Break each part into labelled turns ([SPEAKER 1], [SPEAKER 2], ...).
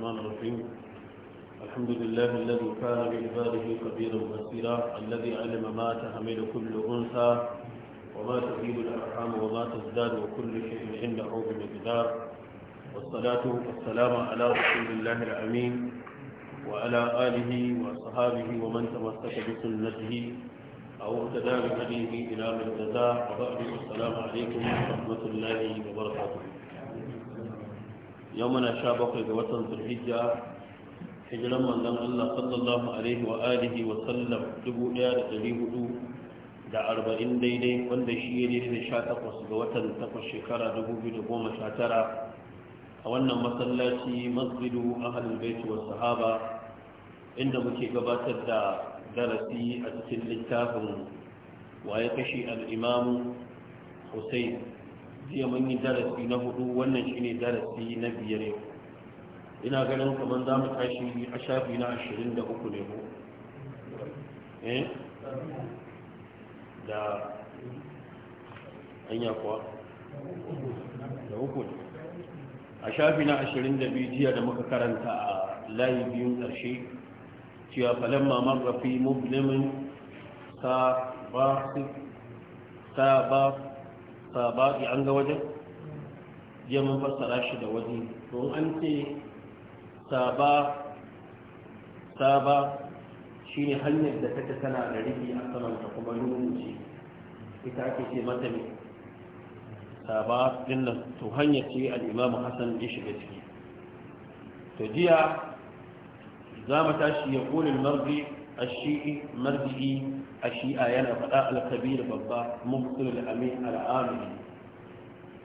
[SPEAKER 1] الرحمن الرحيم الحمد لله الذي كان بعباده خبيرا بصيرا الذي علم ما تحمل كل انثى وما تزيد الارحام وما تزداد وكل شيء عنده بمقدار والصلاه والسلام على رسول الله الامين وعلى اله وصحابه ومن تمسك بسنته او اهتدى بهديه الى من جزاه وبعد السلام عليكم ورحمه الله وبركاته yau muna sha bakwai ga watan zulhijja hijiran manzon Allah sallallahu alaihi wa alihi wa sallam arba'in daidai wanda shi ya daidai sha takwas ga watan takwas shekara dubu biyu da goma sha tara a wannan masallaci masjidu ahlul bait wa sahaba inda muke gabatar da darasi a cikin littafin waye kashi al-imam Hussein jiya mun yi darasi na hudu wannan shine darasi na biyar yau ina ganin kamar za mu tashi a shafi na ashirin da uku ne ko eh da hanya kuwa da uku a shafi na ashirin da biyu jiya da muka karanta a layi biyun ƙarshe cewa falon mamar rafi mublimin sa ba sabaki an ga wajen Jiya mun fassara shi da waje don an ce saba saba shi ne hanyar da take tana da riki a samanta kuma nuni ita ake ce mata ne saba din nan to hanyar ce al'imamu hassan ya shiga ciki to jiya za mu tashi ya kulin marbi? الشيعي مرجئي الشيعة ينا فتاة الكبير بابا مبطل الأمين العامل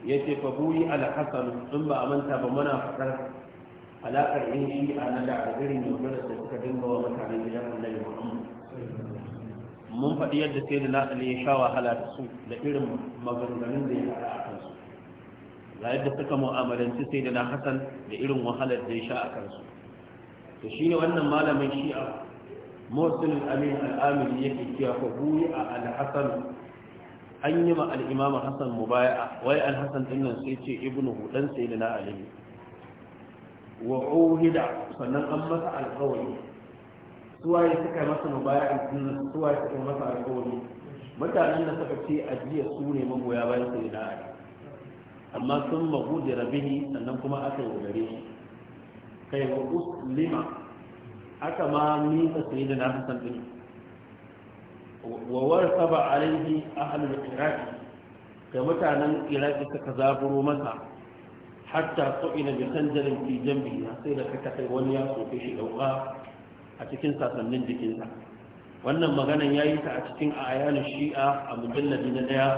[SPEAKER 1] يتي فبوي على حسن ثم أمنت بمنا فتاة على قرئين شيعة ندع غيري من جلسة كدنبا ومتعني بجرم النبي محمد mun faɗi yadda sai da na'ali ya sha wahala da su da irin maganganun da ya haɗa a kansu ga yadda suka mu'amalanci sai da na hasan da irin wahalar da ya sha a kansu to shi ne wannan malamin shi'a Amin al موسل الأمين الآمن يكي فيها فبوي الحسن an yi ma al'imama hassan mubaya wai alhassan dinnan sai ce ibnu hudan sai da na'alimi wa ohida sannan an masa alkawari suwaye suka masa mubaya dinnan suwaye suka masa alkawari mutanen da suka ce ajiya su ne magoya bayan sai da na'alimi amma sun magu da rabihi sannan kuma aka yi gare shi kai wa uslima haka ma nisa sai da na hasan ɗin wawar saba alaihi ahalul iraki da mutanen iraki suka zaburo masa hatta ina bi sanjarin fi jambi na sai da ka kai wani ya soke shi ɗauka a cikin sasannin jikinsa wannan maganan ya yi ta a cikin ayanin shi'a a mujallabi na ɗaya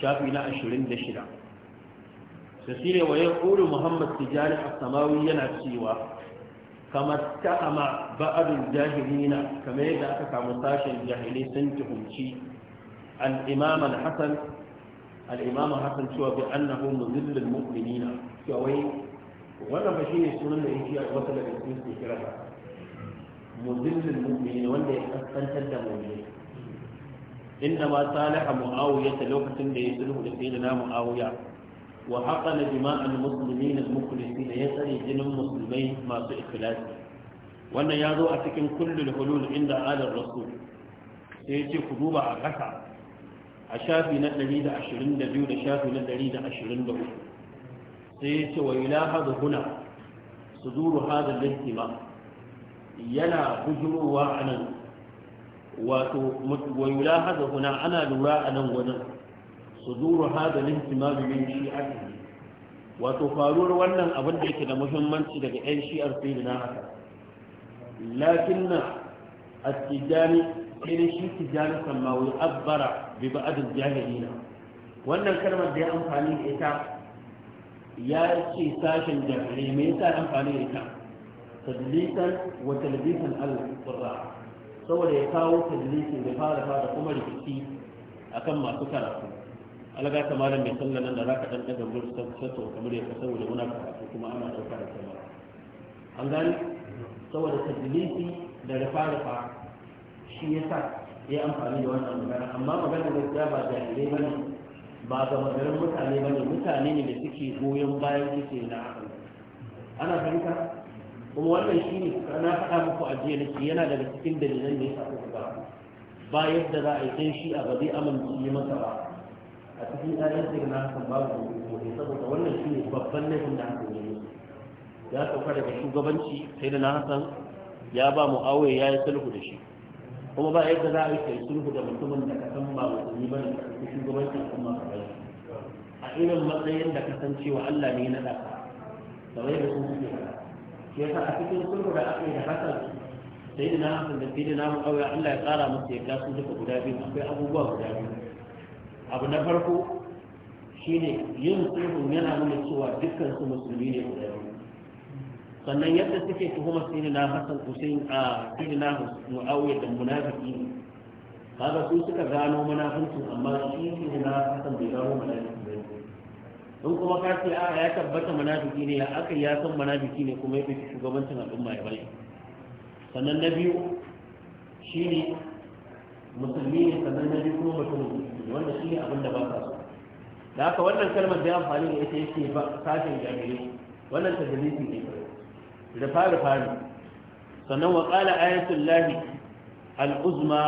[SPEAKER 1] shafi na ashirin da shida shi ne wa ya muhammad tijari a samawi yana cewa kamar ta'ama ba'adul jahilina kamar yadda aka samu sashen jahilai sun tuhumci Al'imaman imam al-hasan al-imam hasan cewa bi annahu muzillul mu'minina cewa wai wannan ba ne sunan da yake a wata daga cikin su kira ba muzillul mu'minina wanda ya kaskantar da mu'minai inda ma salaha mu'awiyah lokacin da ya sulhu da sai da sayyidina mu'awiyah wa haƙala jima'an musulmi na mukulisi da ya tsare jinin musulmai masu ikhlasi wannan ya zo a cikin kullul hulul inda adar rasul sai ce ku duba a ƙasa a shafi na 122 da shafi na 123 sai ya ce wa ilaha yana ana lura suduru hada lintimami min shi'atihi wato faruwar wannan abin da yake da muhimmanci daga yan shi'ar sayyidina haka lakinna at-tijani sai shi tijani samawi abbara bi ba'd al-jahilina wannan kalmar da ya amfani da ita ya ce sashen jahilai me yasa amfani da ita tadlisan wa talbisan al-qurra saboda ya kawo tadlisin da fara fara kuma rikici akan masu karatu alaga ta malam mai sallan nan da za ka ɗan ɗaga ta sassan kamar ya saboda muna karatu kuma ana dauka da sama an gani saboda tadlisi da rufa shi ya sa ya amfani da wannan magana amma maganar ya ba jahilai ba ne ba ga maganar mutane ba ne mutane ne da suke goyon bayan suke na hakan ana fahimta kuma wannan shi ne na faɗa muku a jiya nake yana daga cikin dalilan da ya sa ku ba ba yadda za a yi shi a ba zai amince masa ba a cikin ayar da na kan babu mutum saboda wannan shi ne babban laifin da hakan yi ya sauka daga shugabanci sai da na hasan ya ba mu awaye ya yi sulhu da shi kuma ba yadda za a yi kai sulhu da mutumin da ka san ba musulmi ba ne ka shugabanci kuma ka bai a irin matsayin da ka san cewa Allah ne na ɗaka kamar yadda sun suke faɗa shi yasa a cikin sulhu da aka yi da hasan sai da na hasan da sai da na mu awaye Allah ya tsara musu ya gasu duka guda biyu akwai abubuwa guda biyu abu na farko shine yin sulhun yana nuna cewa dukkan su musulmi ne guda biyu sannan yadda suke tuhuma sai na hasan hussein a sinu na mu'awiyya da munafiki ne kaga su suka gano munafincin amma shi sinu na hasan bai gano munafiki ba in kuma ka ce a ya tabbata munafiki ne ya aka ya san munafiki ne kuma ya fi shugabancin al'umma ya bari sannan na biyu shine musulmi ne sannan na biyu kuma mutum wanda shi ne abin da ba sa so da haka wannan kalmar da amfani da ita yake ba sashen jami'i wannan tajlisi ne rufa rufa ne sannan wa qala ayatul lahi al-uzma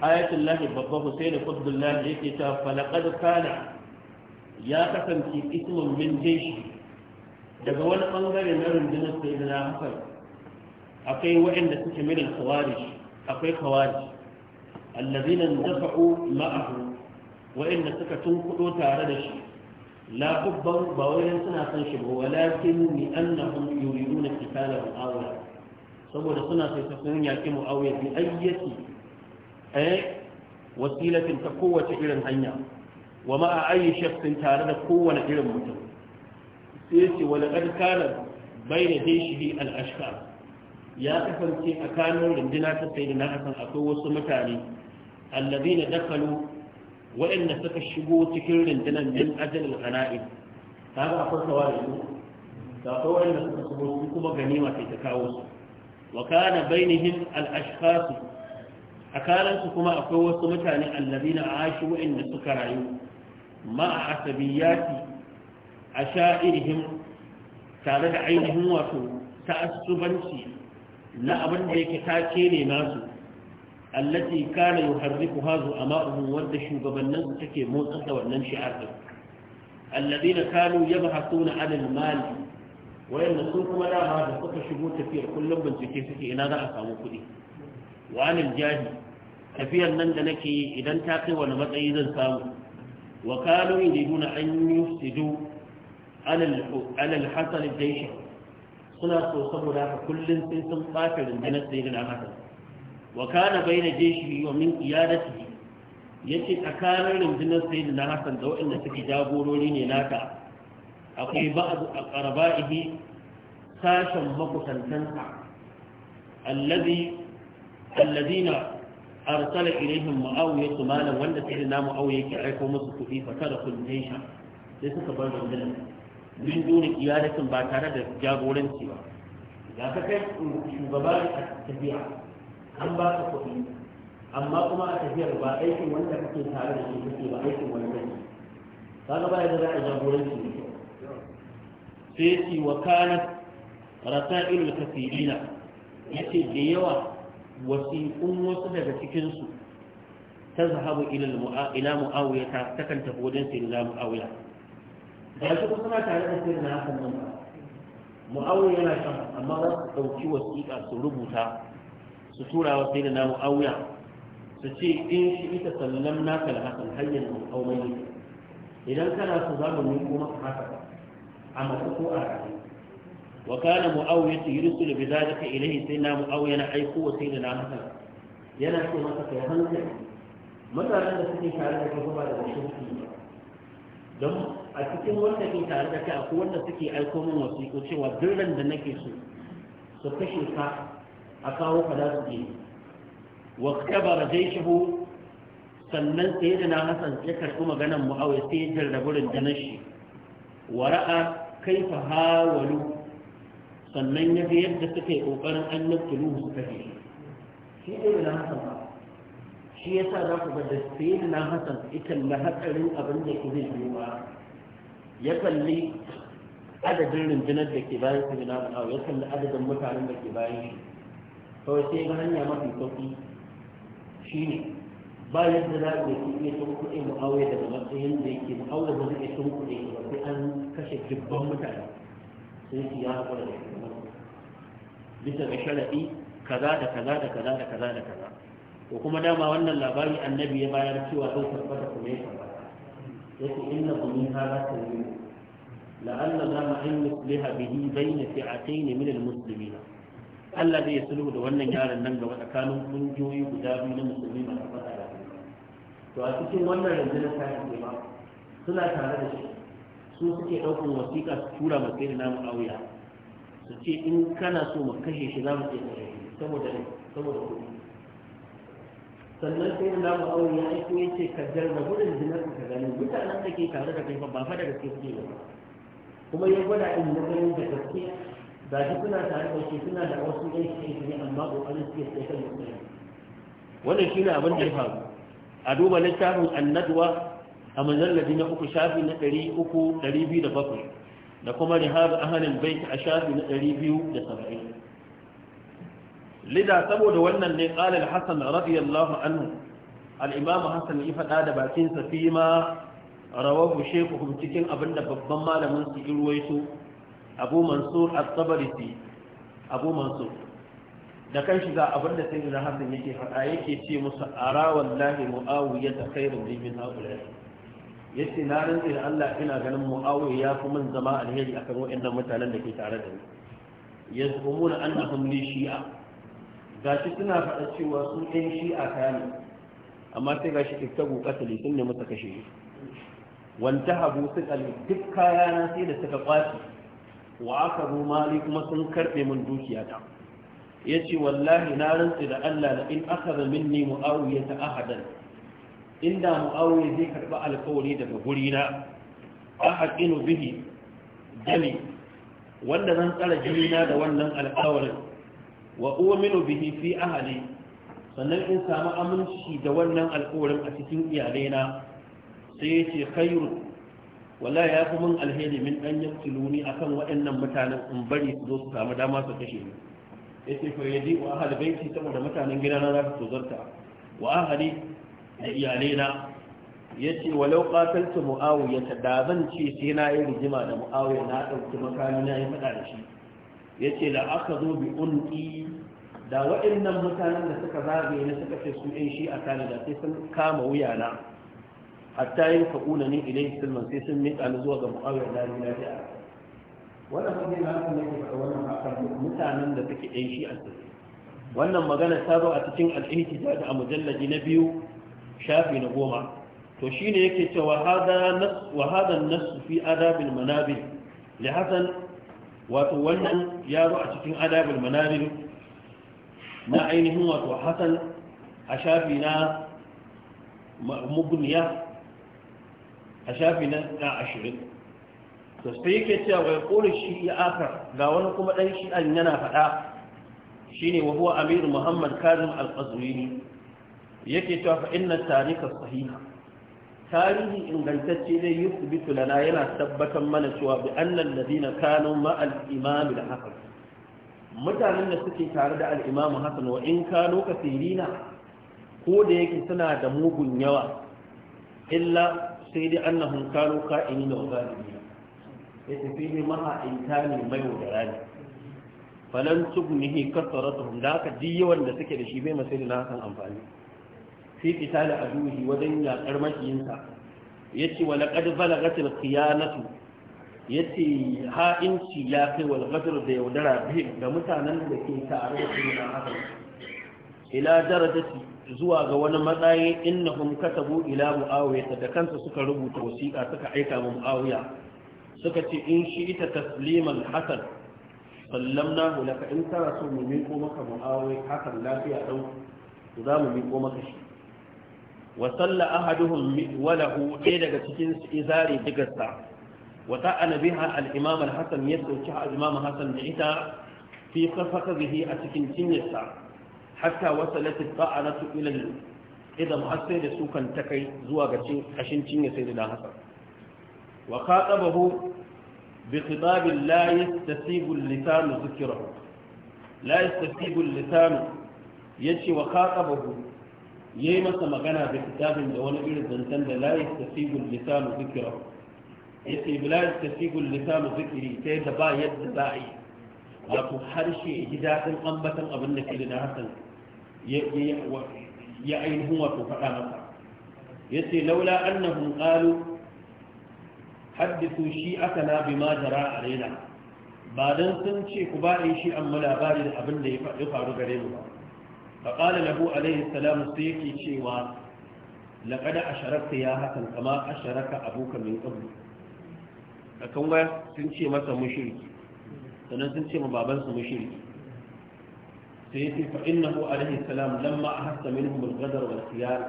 [SPEAKER 1] ayatul lahi babba husaini qudullah yake ta falaqad kana ya kasance ismun min jayshi daga wani bangare na rundunar sayyidina hasan akwai waɗanda suke milin kawarish akwai kawarish allazina dafa'u ma'ahu wa'inda suka tunkudo tare da shi la hubban ba wai suna san shi ba walakin ni annahum yuriduna qitalahu awla saboda suna sai ta sun yaki muawiya bi ayyati eh wasilatin ta kowace irin hanya wa ma'a ayi tare da kowane irin mutum sai ya ce wala ya kasance a kanun rundunar ta na hasan akwai wasu mutane na dakalu waɗanda suka shigo cikin rundunar min ajalin ghana'im kaga akwai tawari da ta akwai wa'anda suka shigo su kuma gani sai ta kawo su wa kana bainihim al-ashkhas akalan su kuma akwai wasu mutane na ashi waɗanda suka rayu ma a ma'a asabiyati ashairihim tare da ainihin wato ta'assubanci na abin da yake take ne nasu allati kana yuharriku hazu ama'uhum wanda shugabannin su take motsa da wannan shi'ar din alladina kanu yabhasuna 'ala al-mal wayanda sun kuma dama da suka shigo tafiyar kullum bincike suke ina za a samu kuɗi wa 'ala jahi tafiyar nan da nake yi idan ta kai wani matsayi zan samu wa kanu yuriduna an yusidu 'ala al-hasan al-jaysh suna so saboda haka kullum sai sun ɓata rundunar sayyidina hasan wa kana bayna jeshi wa min qiyadatihi yace tsakanin rundunar na Hassan da waɗanda suke jagorori ne naka akwai ba'du aqraba'ihi sashen makusantansa allazi alladina arsala ilaihim muawiya malan wanda sayyidina muawiya yake aika musu kuɗi fa kada kun sai suka bar rundunar min duni qiyadatin ba tare da jagoranci ba kai shugaba a tafiya an ba ka kuɗi amma kuma a tafiyar ba aikin wanda kake tare da shi kake ba aikin wani ka ga ba da za a jagoranci ne sai ce wa kana rasa'ilul ya ce da yawa wasiƙun wasu daga cikin su ta zahabu ila ila muawiya ta takan tafi wajen da mu'awiyar da shi kuma suna tare da na hakan nan mu'awiyar yana shan amma za su wasiƙa su rubuta su tura wa sai da na mu'awiya su ce in shi ita sallam na kalhasan hanyar mu'awiya idan kana su za mu miko maka haka a masu a rayu wa kana mu'awiya su yi yursul bi zalika ilayhi sai na mu'awiya na aiko wa sai da na hasan yana ce masa kai hankali mutanen da suke tare da kuma da mutunci ba don a cikin wanda ke tare da kai akwai wanda suke aiko min wasiƙo cewa birnin da nake so su kashe ka a kawo kaza su je wa kabara jaishahu sannan sai da na hasan ya karɓi maganan mu'awiya sai ya jarrabu rundunar shi wa ra'a kaifa hawalu sannan ya ga yadda suka yi ƙoƙarin an nuftulu su kashe shi sai da na hasan shi ya sa za ku ga da sai da na hasan ita na lahatsarin abin da ke zai biyu ba ya kalli adadin rundunar da ke bayan su na mu'awiya ya kalli adadin mutanen da ke bayan shi kawai sai ga hanya mafi sauƙi shi ne ba yadda za a yi iya tun kuɗi mu'awai daga matsayin da yake mu'awai ba zai sun tun kuɗi ba sai an kashe dubban mutane sai su ya haƙura da shugaban bisa ga sharaɗi kaza da kaza da kaza da kaza da kaza ko kuma dama wannan labari annabi ya bayar cewa zai tabbata kuma ya tabbata yake inna kumin hada ta yi la'alla za mu an yusliha bihi bayna fi'atayn min al-muslimina Allah zai sulhu da wannan yaron nan gaba tsakanin kungiyoyi guda biyu na musulmi masu fata da to a cikin wannan rundunar ta ce ba suna tare da shi su suke ɗaukar wasiƙa su tura ma sai na mu'awiya su ce in kana so mu kashe shi za mu iya kashe saboda saboda kuɗi sannan sai na mu'awiya ya aiko ya ce ka jarra gudun jinar ka gani mutanen da ke tare da kai ba fa da gaske suke ba kuma ya gwada in na ganin da gaske ga shi suna tare da shi suna da wasu ɗan shi ne amma ƙoƙarin suke sai kan musulmi wannan ne abin da ya faru a duba littafin annaduwa a majallabi na uku shafi na ɗari uku ɗari biyu da bakwai da kuma rihabu ahalin bai a shafi na ɗari biyu da saba'in lida saboda wannan ne ƙalar hassan radiyallahu anhu al'imamu hassan ya faɗa da bakinsa fi ma rawahu shekuhum cikin abin da babban malamin su irwaito abu mansur al-tabarisi abu mansur da kan shiga abinda sai na hasan yake faɗa yake ce musu ara wallahi muawiya ta khairun li min haula yace na rantsa da Allah ina ganin muawiya ya fi min zama alheri akan waɗannan mutanen da ke tare da ni yazumuna annahum li shi'a gashi suna faɗa cewa su ɗan shi'a kane amma sai gashi iktabu qatli sun ne musu kashe wantahabu suka duk kayana sai da suka kwaci wa aka zo mali kuma sun karɓe min ta? ya ce wallahi na rantsi da Allah na in aka da minni mu'awiyya ta ahadan inda mu'awiyya zai karɓi alkawari daga gurina a haƙinu bihi jami wanda zan tsara jimina da wannan alkawarin wa uminu bihi fi ahali sannan in samu aminci da wannan alkawarin a cikin iyalaina sai ya ce khairu wallahi ya fi mun alheri min dan a akan waɗannan mutanen in bari su zo su samu dama su kashe ni ce fa yadi wa ahal baiti saboda mutanen gidana za su tozarta wa ahali da iyalena yace walau qataltu muawiya da zan ce sai na yi rijima da muawiya na ɗauki makami na yi faɗa da shi yace aka zo bi unqi da waɗannan mutanen da suka zagaye na suka ce su ɗin shi a kana da sai sun kama wuyana hatta yin kaƙuna ne ilai sulman sai sun miƙa ni zuwa ga mu'awiyar na nuna da a wannan hanyar na ne ke faɗa wannan hakan mutanen da suke ɗan shi a wannan magana ta zo a cikin al'ihtijaj a mujallaji na biyu shafi na goma to shi ne yake cewa hada nas wa hada nas fi adabin manabin, li hasan wato wannan ya zo a cikin adabin manabin na ainihin wato hasan a shafi na mugniya a shafi na ashirin to yake cewa wai ƙoli shi ya akar ga wani kuma ɗan shi an yana faɗa shi ne wahuwa amiru muhammad kazim al-qazwini yake cewa fa inna tarihi sahiha tarihi ingantacce zai yi su bitu lana yana tabbatar mana cewa bi annan ladina kanu ma'al imam da hasan mutanen da suke tare da al-imam hasan wa in kanu kasirina ko da yake suna da mugun yawa illa sai dai annahum kanu qa'inin wa zalimin ya tafi ne maha ne mai wadara ne falan tugnihi kasaratuhum da haka ji yawan da suke da shi bai masai da hakan amfani fi qitali aduhi wajen yakar makiyinsa yace wa laqad balagat al Ya yace ha'inci ya kai wal da yaudara bi ga mutanen da ke tare da su na hakan ila darajati zuwa ga wani matsayi innahum katabu ila muawiya da kansa suka rubuta wasiƙa suka aika mu muawiya suka ce in shi ita tasliman hasan sallamnahu laka in kana so mu miƙo maka muawiya hasan lafiya dan za mu miƙo maka shi wa salla ahaduhum walahu ɗaya daga cikin su izari digarsa wa ta'ana biha al-imam al-hasan ya sauki al-imam hasan da ita fi safaka bihi a cikin cinyarsa hatta wasalat ta'anatu ila idan har sai da sukan ta kai zuwa ga cin kashin cinye sai da hasan wa khatabahu bi khitabin la yastasibu lisan zikrahu la yastasibu lisan yace wa khatabahu yayi masa magana bi kitabin da wani irin zantan da la yastasibu lisan zikrahu yace bi la yastasibu lisan zikri sai da ba yadda za a yi wato harshe ji daɗin ambatan abin da ke da hasan ya ainihin wato faɗa masa ya ce laula annahum qalu haddisu shi aka na bi ma jara a raina ba don sun ce ku ba in shi amma labari da abin da ya faru gare mu ba fa qala lahu alaihi salam sai yake cewa laqad asharakta ya hasan, kama asharaka abuka min qabl akan waya sun ce masa mushriki sannan sun ce ma babansa mushriki سيتي فإنه عليه السلام لما أحس منهم الغدر والخيار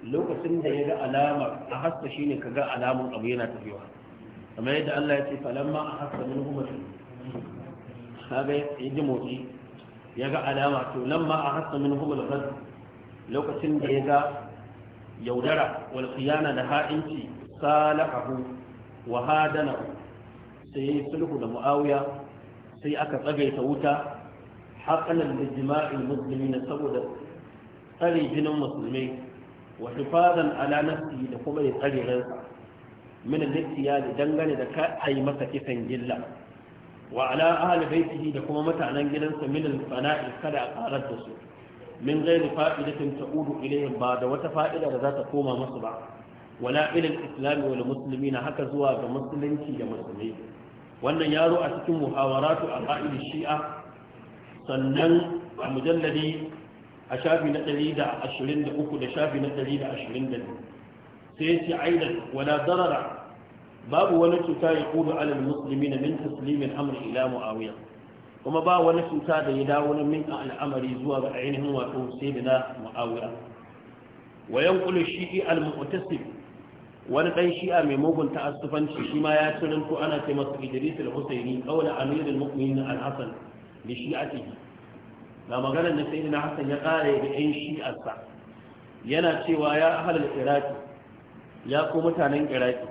[SPEAKER 1] lokacin da ya ga alama a haska shi ne ka ga alamun abu yana tafiwa kamar yadda Allah ya ce falamma a haska min hukumatu ya ji motsi ya ga alama to lamma a haska lokacin da ya ga yaudara wal da ha'inci salahahu wa sai sulhu da muawiya sai aka tsagaita wuta Haƙanan da jima'in musulmi na saboda tsare jinin musulmi wa hifadan ala nafsi da kuma ya tsare ransa min al-ittiya da dangane da ka ai masa kisan gilla wa ala ahli baitihi da kuma mutanen gidansa min al-fana'i kada a karar da su min ghairi fa'idatin ta'udu ilayhim ba da wata fa'ida da za ta koma musu ba wala ila al-islam wal muslimin haka zuwa ga musulunci da musulmi wannan yaro a cikin muhawaratu a ra'ayin shi'a sannan a mujalladi a shafi na 123 da shafi na 122 sai ce aidan wala darara babu wani cuta ya kudu alal musulmi na min taslimin amri ila muawiya kuma ba wani cuta da ya dawo na min al'amari zuwa ga ainihin wato sai da na muawiya wayan kulu shi'i al-mu'tasib wani dan shi'a mai mugun ta'assufanci shi ma ya cirin ko ana taimaka masa Idris al-Husaini qawla amirul mu'minin al-Hasan da shi'atihi na maganar da sai na hasan ya kare da yan shi'arsa yana cewa ya ahalar iraki ya ko mutanen iraki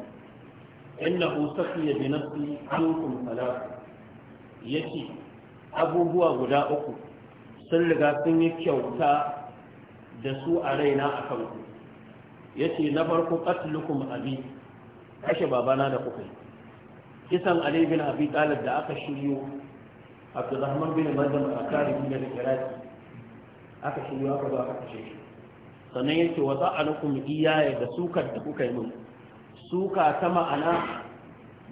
[SPEAKER 1] innahu safiya bi nafsi ankum Ya ce abubuwa guda uku sun riga sun yi kyauta da su a raina a ku yace na farko qatlukum abi kashe babana da kuka kisan alibin abi talib da aka shiryo abdurrahman bin mazdam a kare bin da iraki aka shi aka zo aka kashe shi sannan yace wa za'alakum iyaye da sukar da kuka yi min suka ta ma'ana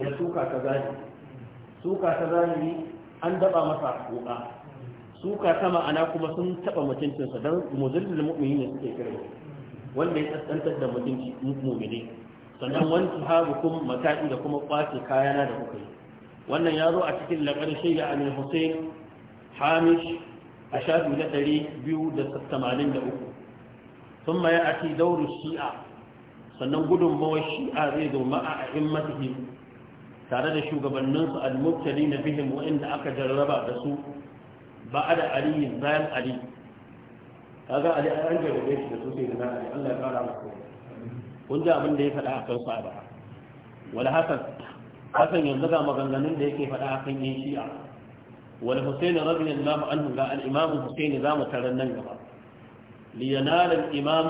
[SPEAKER 1] da suka ta zahiri suka ta zahiri an daba masa kuka suka ta ma'ana kuma sun taba mutuncinsa don muzillil mu'mini ne suke kirga wanda ya tsantsantar da mutunci mu'mini sannan wani hagu kuma mata'i da kuma kwace kayana da kuka yi wannan ya zo a cikin laƙar shaida a mai hussein hamish a shafi na ɗari biyu da tamanin da uku sun ma ya ake dauri shi'a sannan gudunmawar shi'a zai zo ma'a a immatihi tare da shugabanninsu al-mubtali na bihim wa'inda aka jarraba da su ba a da aliyin bayan ali kaga ali an jarrabe shi da sosai da na ali Allah ya kara masa kun ji abin da ya faɗa a kansu a ba wal hasan hakan yanzu ga maganganun da yake faɗa akan yin shi'a wal husaini radiyallahu an ga al-imam husaini zamu taran nan gaba li yanal al-imam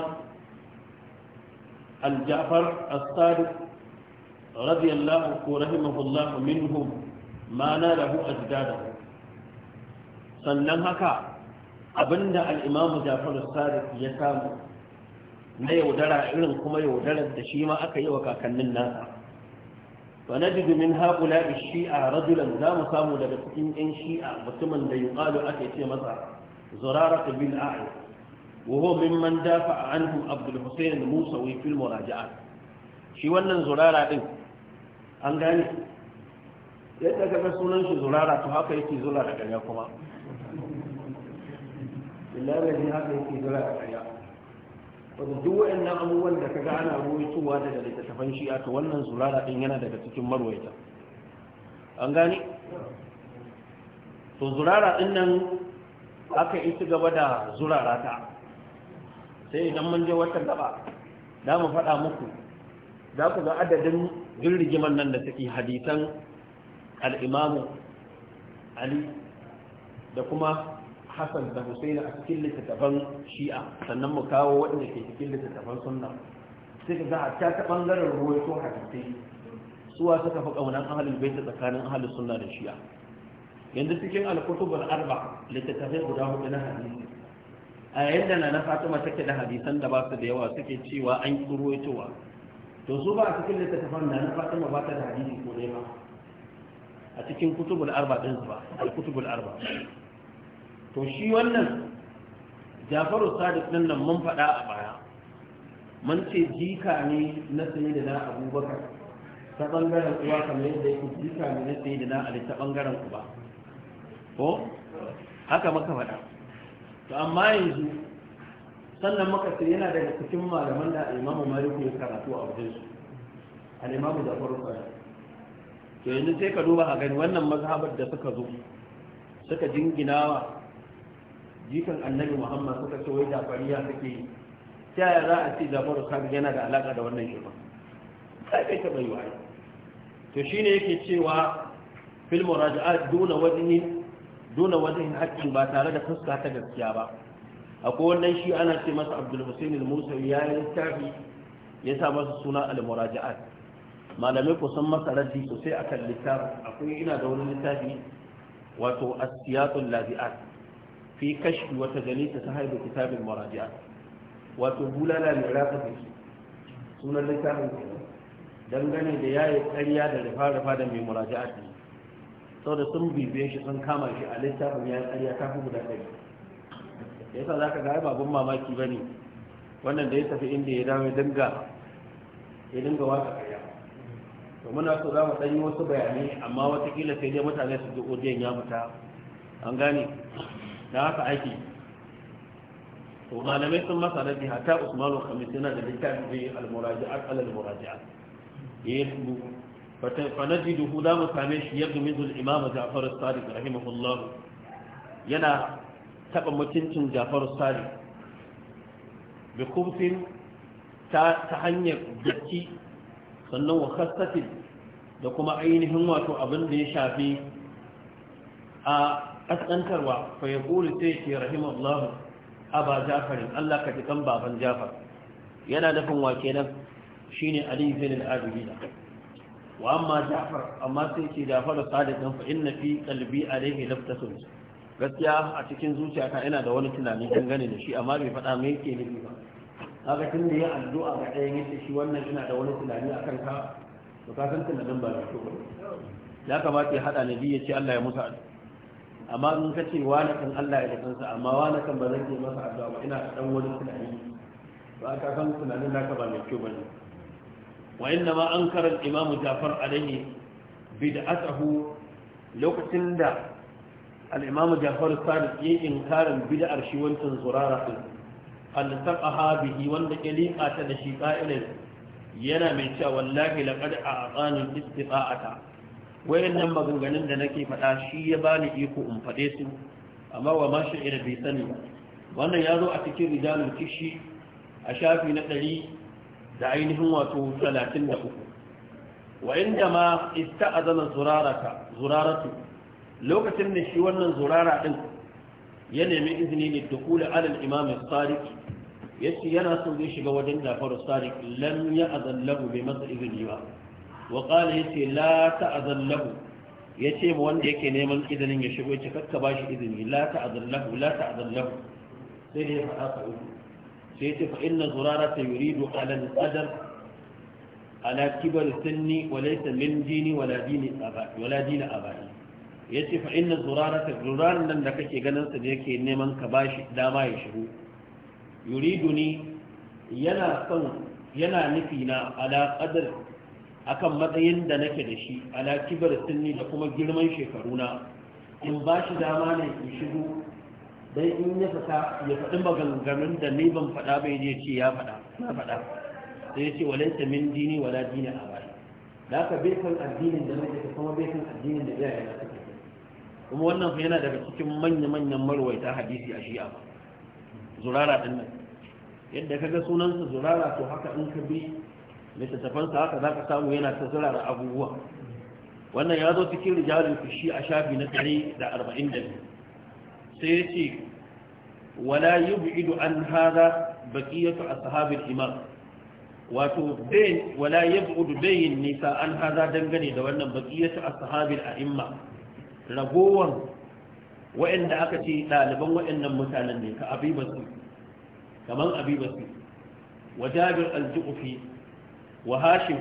[SPEAKER 1] al-ja'far as-sadiq radiyallahu anhu min minhum ma na nalahu ajdadahu sannan haka abinda al-imam ja'far as-sadiq ya samu na yaudara irin kuma yaudarar da shi ma aka yi wa kakannin nasa فنجد من هؤلاء الشيعة رجلا لا مسامو لبسكين إن شيعة وثمن يقال أكيتي مزع زرارة اعين وهو ممن دافع عنهم عبد الحسين الموسوي في المراجعات شي wannan zurara din an gane yadda ka ga sunan shi zurara to haka yake zurara ƙarya kuma billahi haka yake zurara wanda duk wayannan abubuwan da kaga ana ruwaitowa daga littattafan shi'a to wannan zurara yana daga cikin marwaita an gane to zurara nan aka yi gaba da zurara ta sai idan mun je wata gaba da mu faɗa muku za ku ga adadin girgiman nan da take hadisan al-imamu ali da kuma hassan da husaini a cikin littattafan shi'a sannan mu kawo waɗanda ke cikin littattafan sunna sai ka ga a ta ɓangaren ruwa ko hadisai suwa suka fi ƙaunar ahalin baita tsakanin ahalin sunna da shi'a yanzu cikin alkutubul arba littattafai guda hudu na hadisi a yadda na na fatima take da hadisan da ba su da yawa suke cewa an kurwaitowa to su ba a cikin littattafan da na fatima ba ta da hadisi ko dai ba a cikin kutubul arba din su ba alkutubul arba to shi wannan jafaru sadiq nan nan mun faɗa a baya mun ce jika ne na sayi da na abubakar ta ɓangaren uwa kamar yadda yake jika ne na sayi da na ali ta ɓangaren uba ko haka maka faɗa to amma yanzu sannan muka ce yana daga cikin malaman da imamu Malik ya karatu a wajen su al'imamu da farko to yanzu sai ka duba a gani wannan mazhabar da suka zo suka jingina jikan annabi muhammad suka ce wai jafariya suke yi ta yaya za a ce jafaru kan yana da alaka da wannan shirman ta kai ta bai waye to shine yake cewa fil muraja'at duna wajhi duna wajhi hakkin ba tare da fuska ta gaskiya ba akwai wannan shi ana ce masa abdul husain al ya yi littafi ya sa masa suna al-muraja'at malamai ku san masa raddi sosai akan littafi akwai ina da wani littafi wato as-siyatul lazi'at fi kashi wata tajalita ta haibu kitabin maraji'a wato bulala mai rafa su sunan littafin dangane da ya yi ƙarya da rufa-rufa da mai muraja'a ta yi sau da sun bibiye shi sun kama shi a littafin yayi ƙarya ta fi guda ɗari yasa za ka ga babban mamaki ba ne wannan da ya tafi inda ya dawo dinga ya dinga waka karya. to muna so za mu ɗan yi wasu bayanai amma watakila sai dai mutane su ji odiyan ya fita an gane Na haka ake to malamai sun masa da hatta usman al-khamis yana da littafi al-muraji'at al-muraji'at yaitu eh, fanaji duhu da mu same shi yadda mizu imam ja'far sadiq rahimahullah yana taba mutuncin ja'far sadiq bi kumfin ta ta hanyar dukki sannan wa da kuma ainihin wato abin da ya shafi a Ƙasƙantarwa, fa ya kuri sai ke rahimallahu aba jafarin Allah ka jikan baban jafar yana nufin wa kenan shine ali bin al-abidin wa amma jafar amma sai ke jafar sadiqan fa inna fi qalbi alayhi laftasun gaskiya a cikin zuciyata ina da wani tunani dangane da shi amma bai faɗa mai yake nufi ba haka tun da ya addu'a ga ɗayan yadda shi wannan ina da wani tunani a kanka to ka san tunanin ba da shi ba ya kamata ya haɗa nabi ya ce Allah ya musa addu'a amma in ka ce wani kan Allah ya kansa amma wani kan ba zan ke masa addu'a ba ina dan wani tunani ba ka san tunanin naka ba mai kyau bane wa inna ma ankara al-imam Ja'far alaihi bid'atahu lokacin da al-imam Ja'far Sadiq ya inkarin bid'ar shi wancan zurara din al-taqaha bihi wanda ya ta da shi qa'ilan yana mai cewa wallahi laqad a'tani istiqa'ata wayannan maganganun da nake faɗa shi ya bani iko in faɗe su amma wa ma shi'ira bai sani ba wannan ya zo a cikin rijalul kishi a shafi na ɗari da ainihin wato talatin da uku wa inda ma ista'azana zurarata zuraratu lokacin da shi wannan zurara din ya nemi izini ne dukula alal imam as-sadiq yace yana so zai shiga wajen jafaru as-sadiq lam ya'zan lahu bai masa izini ba wa qala yace la ta'zan lahu yace mu wanda yake neman izinin ya shigo yace kakka bashi izini la ta'zan la ta'zan lahu sai ne fa aka uku sai yace fa inna zurarata yuridu ala al-qadar ala kibar sinni wa laysa min dini wala dini abai wala dini abai yace fa inna zurarata zuraran nan da kake ganin sa ne yake neman ka bashi dama ya shigo yuridu ni yana son yana nufi na ala qadar akan matsayin da nake da shi a lakibar sinni da kuma girman shekaruna in ba shi dama ne in shigo dai in ya fata ya faɗi maganganun da ni ban faɗa bai ya ce ya faɗa na faɗa sai ya ce walaita min dini wala dini a bai da aka bai kan addinin da nake da kuma bai kan addinin da iyaye na suke kuma wannan fa yana daga cikin manya-manyan marwaita hadisi a shi'a zurara dinnan nan yadda kaga sunansa zurara to haka in ka bi littattafansa haka za ka samu yana ta zirara abubuwa wannan ya zo cikin rijalin fushi a shafi na ɗari da arba'in da biyu sai ya ce wala yi bu'idu an hada baƙiyatu a sahabin imam wato wala yi bu'idu bayin nisa an haza dangane da wannan baƙiyatu a sahabin a imma ragowar wa'anda aka ce ɗaliban wa'annan mutanen ne ka abibasu kamar abibasu wa jabir al-ju'fi وهاشم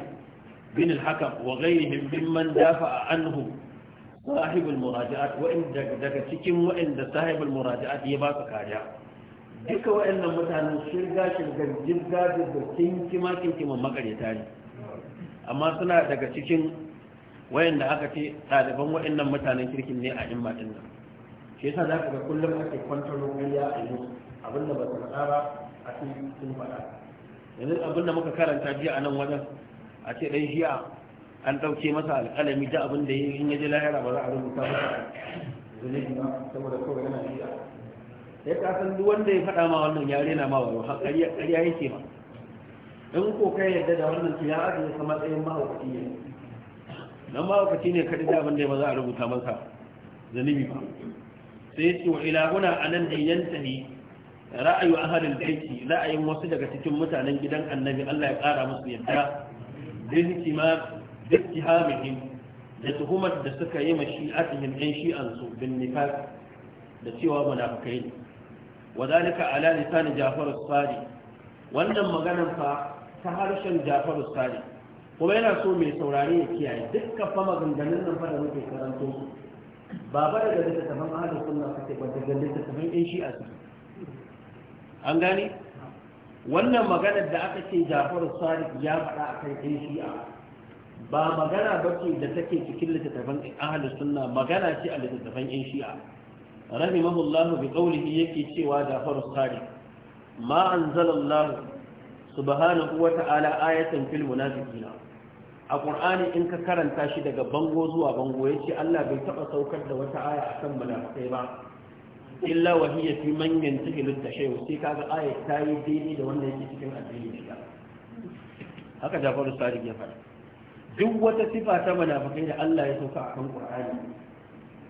[SPEAKER 1] بن الحكم وغيرهم ممن دافع عنه صاحب المراجعات وإن دكتكم وإن صاحب المراجعات يباك كاريا duka waɗannan mutanen shirga shirgar jirga da kinkima kinkiman makarita ne amma suna daga cikin wayanda aka ce ɗaliban waɗannan mutanen kirkin ne a imma ɗin nan shi za ka ga kullum ake kwantar ruwa a ba su a cikin faɗa yanzu abin da muka karanta jiya a nan wajen a ce dan jiya an ɗauke masa alƙalami da abin da in ya ji lahira ba za a rubuta ba zunubi ba saboda kawai yana jiya ya kasan duk wanda ya faɗa ma wannan ya rena ma wa ya yake ma in ko kai yadda da wannan ya ajiye sama tsayin mahaukaci ne nan mahaukaci ne kaɗi da abin da ba za a rubuta masa zanibi ba sai ya ce wa ilahuna nan da yantahi ra'ayu ahalin baiti ra'ayin wasu daga cikin mutanen gidan annabi Allah ya kara musu yadda dinki ma dittihamihim da tuhumar da suka yi mashi atihim ɗin shi an su bin nifaq da cewa munafikai ne wa zalika ala lisan Ja'far as-Sadiq wannan maganar fa ta harshen Ja'far as-Sadiq kuma yana so mai saurare ya kiyaye dukkan fa maganganun nan fa da muke karanto su ba ba daga littattafan ahlus sunna kake ba daga littattafan ɗin shi'a suke an gane wannan maganar da aka ce jafaru sadiq ya faɗa a kan shi'a ba magana ba ce da take cikin littattafan ahalus sunna magana ce a littattafan ɗin shi'a rahimahullahu bi qawlihi yake cewa jafaru sadiq ma anzalallahu subhanahu wa ta'ala ayatan fil munafiqina a qur'ani in ka karanta shi daga bango zuwa bango ya ce Allah bai taɓa saukar da wata aya akan munafikai ba illa wa hiya fi man yantahi litashay sai kaga aya ta yi daidai da wanda yake cikin addini da haka Jafaru Sadiq ya faɗa duk wata sifa ta munafikai da Allah ya soka a kan Qur'ani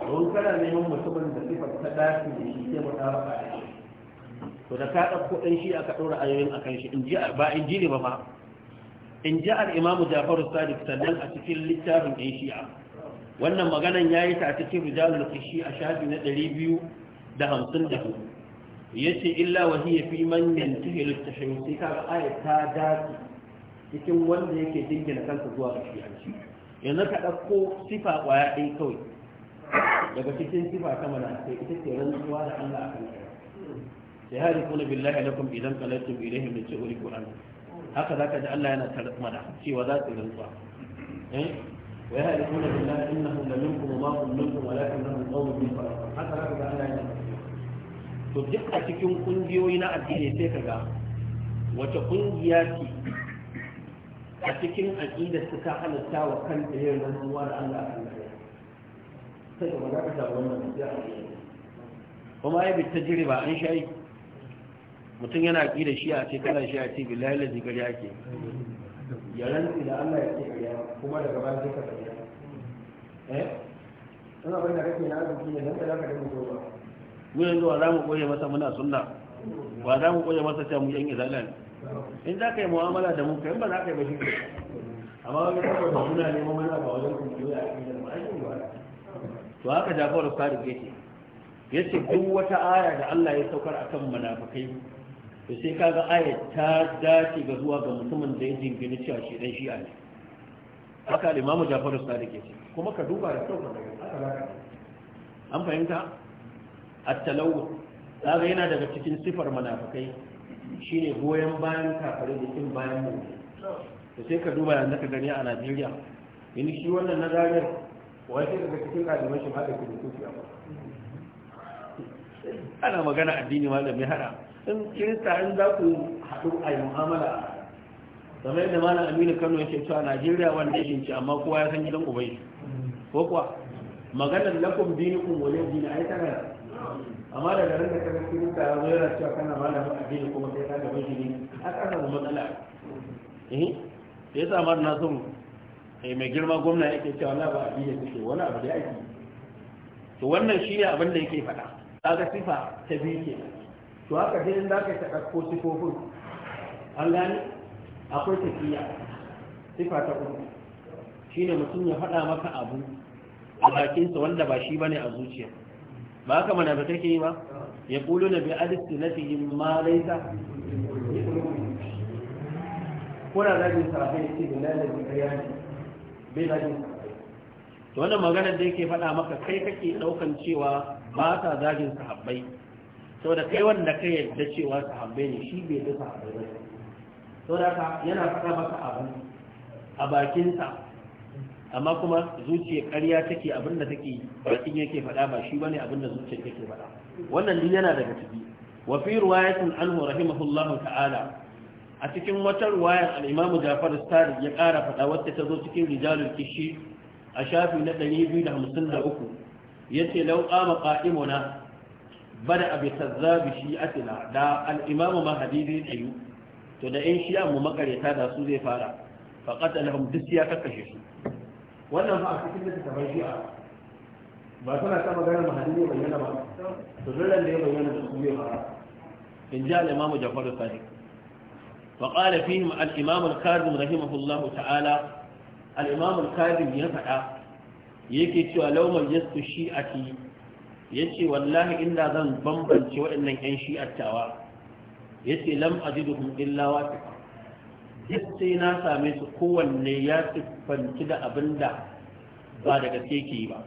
[SPEAKER 1] don kana neman mutumin da sifar ta dace da shi sai mutabaka da shi to da ka dauko dan shi aka ɗora ayoyin akan shi in ji ba in ji ne ba fa in ji al imamu Jafaru Sadiq sannan a cikin littafin ɗan shi'a wannan maganan yayi ta cikin rijalul qishi a shafi na biyu. da hamsin da hudu ya ce illa ya fi manyan yantahi littafin sai kaga ayat ta dace cikin wanda yake dingina kansa zuwa ga shi'anci yanzu ka ɗauko sifa ƙwaya ɗaya kawai daga cikin sifa ta mana sai ita ce rantsuwa da Allah akan ka sai hari kuna billahi lakum idan bi qalatum ilayhim li tu'riku an haka za ka ji Allah yana tarif mana cewa za su rantsuwa eh wa yahlikuna billahi innahum la minkum wa ma hum minkum walakinnahum qawmun bi haka zaka ji Allah yana to duk a cikin kungiyoyi na addini sai ka ga wace kungiya ce a cikin aƙidar su ta halatta wa kan da yin rantsuwa da Allah a kan sai da wani kasa wannan da kuma ya bita jiri ba an shayi mutum yana aƙidar shi a ce kana shi a ce billahi lazi gari ake ya rantsi da Allah ya ce a kariya kuma daga bayan sai ka kariya eh ina ban da kake na arziki ne nan da zaka zo ba? wurin zuwa za mu koya masa muna sunna ba za mu koya masa cewa mu yan izala ne in za ka yi mu'amala da mu kai ba za ka yi ba shi amma wani kawai da suna neman wani abu wajen kuma a da ma'aikin ba to haka jafaru ce. Ya yace duk wata aya da Allah ya saukar akan munafikai to sai ga aya ta dace ga zuwa ga mutumin da ya jingina cewa shi dan shi'a ne haka al-imamu jafaru sadiq ce? kuma ka duba da kyau ka daga haka an fahimta at-talawwud kaga yana daga cikin sifar munafikai shine goyen bayan kafare da kin bayan mu to sai ka duba yanzu ka gani a Najeriya in shi wannan na zariyar wai sai daga cikin ɗaliban shi haɗa kudu kuki a ana magana addini ma da mai in kirista in za ku haɗu a yi mu'amala kamar yadda mana aminu kano yake cewa najeriya wanda yake ci amma kowa ya san gidan ubai ko kuwa maganar lakum dinukum wa ladina ay tara amma da garin da kaga cikin ya zo yana cewa kana malamin addini kuma sai ka gaban bai gini a kasa da matsala eh da yasa mar na son eh, mai girma gwamna yake cewa na ba addini ke, wani abu da yake to wannan shi ne abin da yake faɗa kaga sifa ta biyu ke to haka dai in za ka ta ɗauko sifofin an gane akwai tafiya sifa ta uku shine mutum ya faɗa maka abu a bakinsa wanda ba shi bane a zuciya ba haka munafikai ke yi ba ya kulu na bi alistinatihim ma laisa kuna rajin sarafai ce da lalabi bayani bai rajin to wannan maganar da yake faɗa maka kai kake ɗaukan cewa ba ta zagin sahabbai Sau da kai wanda ka yarda cewa sahabbai ne shi bai da sahabbai ba da ka yana faɗa maka abu a bakinsa amma kuma zuciya ƙarya take abin da take bakin yake faɗa ba shi bane abin da zuciya take faɗa wannan din yana daga ciki wa fi riwayatin anhu rahimahullahu ta'ala a cikin wata riwayar al-Imam Ja'far sadi ya ƙara faɗa wacce ta zo cikin rijalul kishi a shafi na 253 yace law qama qa'imuna bada abi kazzabi shi'atina da al-Imam Mahdi zai tsayu to da in shi'a mu makareta da su zai fara faqatalahum duk ya kakkashe su wannan ba a cikin da ta bai a ba suna ta magana mahadi ne bayyana ba to dole ne bayyana da su ba in ji al-imam Ja'far al-Sadiq wa qala fihim al-imam al-Kazim rahimahullah ta'ala al-imam al-Kazim ya faɗa yake cewa lawmal yasu shi'ati yace wallahi inda zan bambance waɗannan ƴan shi'attawa yace lam ajiduhum illa waqi duk sai na same su kowanne ya siffanci da abin da ba da gaske ke yi ba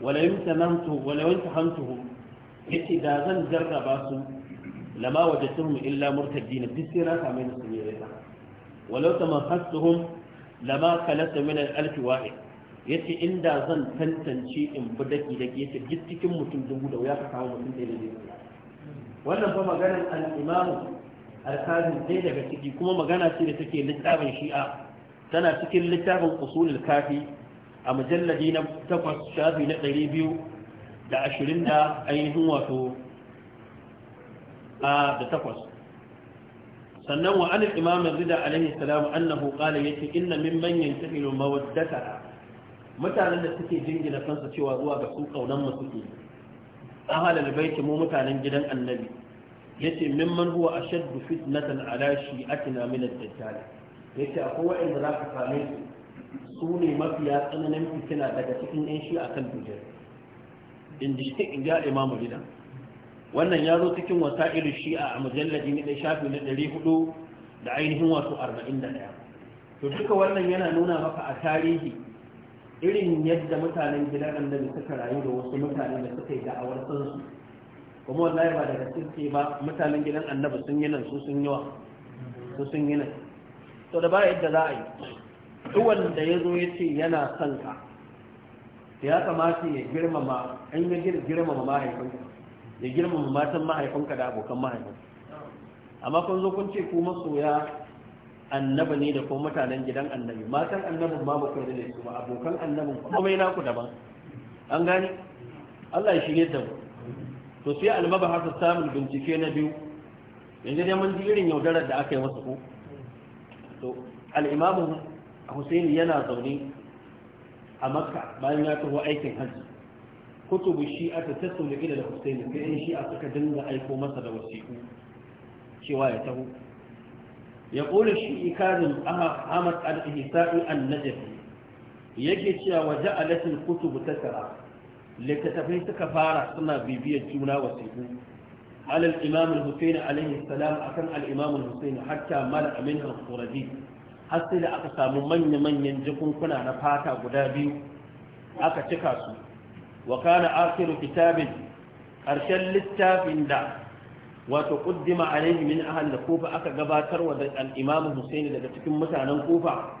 [SPEAKER 1] walayin tahantuhu ya ce da zan jarraba su lama waje sun mu illa murtaddi na duk sai na same su yi rai walau ta mahassuhun lama kalasta min alfi wahi ya ce inda zan tantance in bi daki da ya duk cikin mutum dubu da wuya ka kawo mutum ɗaya da zai wannan fa maganar al'imamu alkazi ɗaya daga ciki kuma magana ce da take littafin shi'a tana cikin littafin usulul kafi a mujalladi na takwas shafi na ɗari biyu da ashirin da ainihin wato a da takwas sannan wa anil imamin rida alaihi salamu annahu qala yace inna mimman yantahilu mawaddata mutanen da suke jingina kansa cewa zuwa ga su kaunan mu suke ahalal baiti mu mutanen gidan annabi yace mimman huwa ashaddu fitnatan ala shi'atina min ad-dajjal yace akwai in za ka same su su ne mafiya tsananin fitina daga cikin yan shi akan dajjal in ji in ga imam gidan wannan ya zo cikin wasa'ilu shi'a a mujalladi na shafi na 400 da ainihin wato 41 to duka wannan yana nuna maka a tarihi irin yadda mutanen gidan annabi suka rayu da wasu mutane da suka yi da'awar sansu kuma wallahi ba daga sirki ba mutanen gidan annabi sun yi nan su sun yi wa su sun yi nan to da ba yadda za a yi duk wanda ya zo ya ce yana son ka ya kamata ya girmama an ya girmama mahaifinka ya girmama matan mahaifinka da abokan mahaifinka amma kun zo kun ce ku masoya annabi ne da kuma mutanen gidan annabi matan annabin ma ba ku ne su ba abokan annabin kuma mai naku daban an gani Allah ya shirye da mu to sai almabahasa samun bincike na biyu yanzu dai mun ji irin yaudarar da aka yi masa ko to al'imamu husaini yana zaune a makka bayan ya taho aikin hajji kutubu shi'a ta da ila da husaini sai yan a suka dinga aiko masa da wasiku. cewa ya taho ya ƙola shi kazin ahmad al-ihsa'i an-najfi yake cewa waja'alatil kutubu tasara littattafai suka fara suna bibiyar juna wa teku alal imamul husaini alaihi salam akan al imamul husaini hatta mala amin al qurazi da aka samu manya manyan jakunkuna na fata guda biyu aka cika su wa kana akhiru kitabin arshal littafin da wato quddima alaihi min ahli al kufa aka gabatar wa da al imamul daga cikin mutanen kufa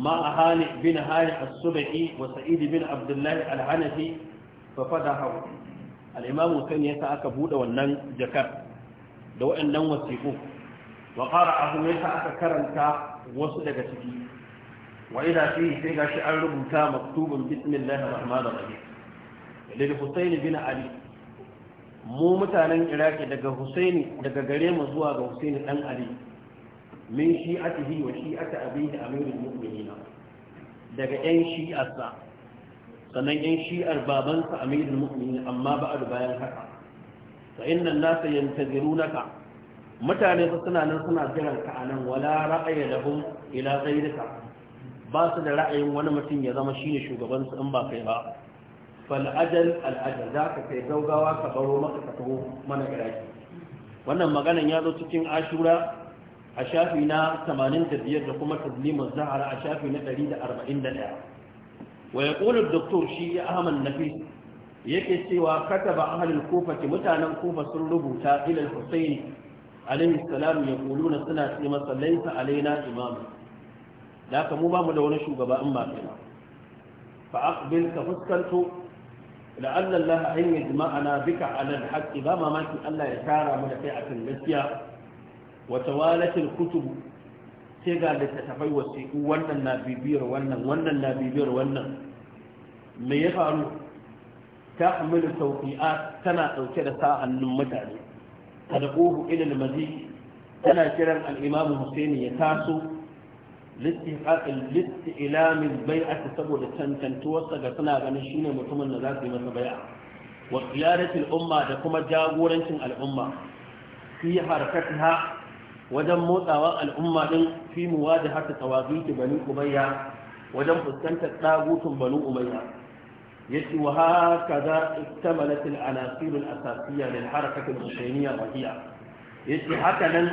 [SPEAKER 1] ma ahali bin hali as-subhi wa sa'id bin Abdullahi al hanafi fa fadahu al-imam Hussein ya aka bude wannan jakar da waɗannan wasiqu wa qara'ahu ya aka karanta wasu daga ciki wa ila fi sai gashi an rubuta maktubun bismillahir rahmanir rahim lil Hussein bin Ali mu mutanen Iraki daga Husaini daga gare mu zuwa ga Husaini dan Ali min shi'atihi wa shi'ati abihi amirul mu'minin daga ɗan shi'arsa sannan yan shi'ar babansa amirul mumini amma ba'ad bayan haka fa inna an-nasa yantazirunaka mutane su suna nan suna jiran ka anan wala ra'aya lahum ila ghayrika ba su da ra'ayin wani mutum ya zama shine shugaban su in ba kai ba fal ajal al ajal da ka kai gaugawa ka baro maka ka taho mana garaki wannan magana ya zo cikin ashura a shafi na 85 da kuma tazlimul zahara a shafi na 141 waya ƙone doktor shi Ahmad ahamar nafi yake cewa kata ba ahalin kofa ce mutanen kofa sun rubuta ilal hussein alaihi salam ya ƙulu na suna ce masa alaina imamu da aka mu ba da wani shugaba an ba fa aqbil ka fuskanto la anna jima'a na jama'ana bika ala al haqq ba mamaki allah ya tara mu da kai akan gaskiya wa tawalatil kutub sai ga littattafai wasiƙu wannan na bibiyar wannan wannan na bibiyar wannan me ya faru ta amilu sauƙi'a tana ɗauke da sa hannun mutane tadquhu ila al tana kiran al-imam Husaini ya taso listiqaq al bai a baiah saboda cancantuwarsa ga suna ganin shine mutumin da za su yi masa baya? wa qiyadat al da kuma jagorancin al'umma umma fi harakatiha wajen motsawa al'umma din fi muwajahati tawagiti bani umayya wajen fuskantar tsagutun bani umayya ce wa haka hakaza a al-anasir al-asasiyya lil harakati al-husayniyya Ya ce haka nan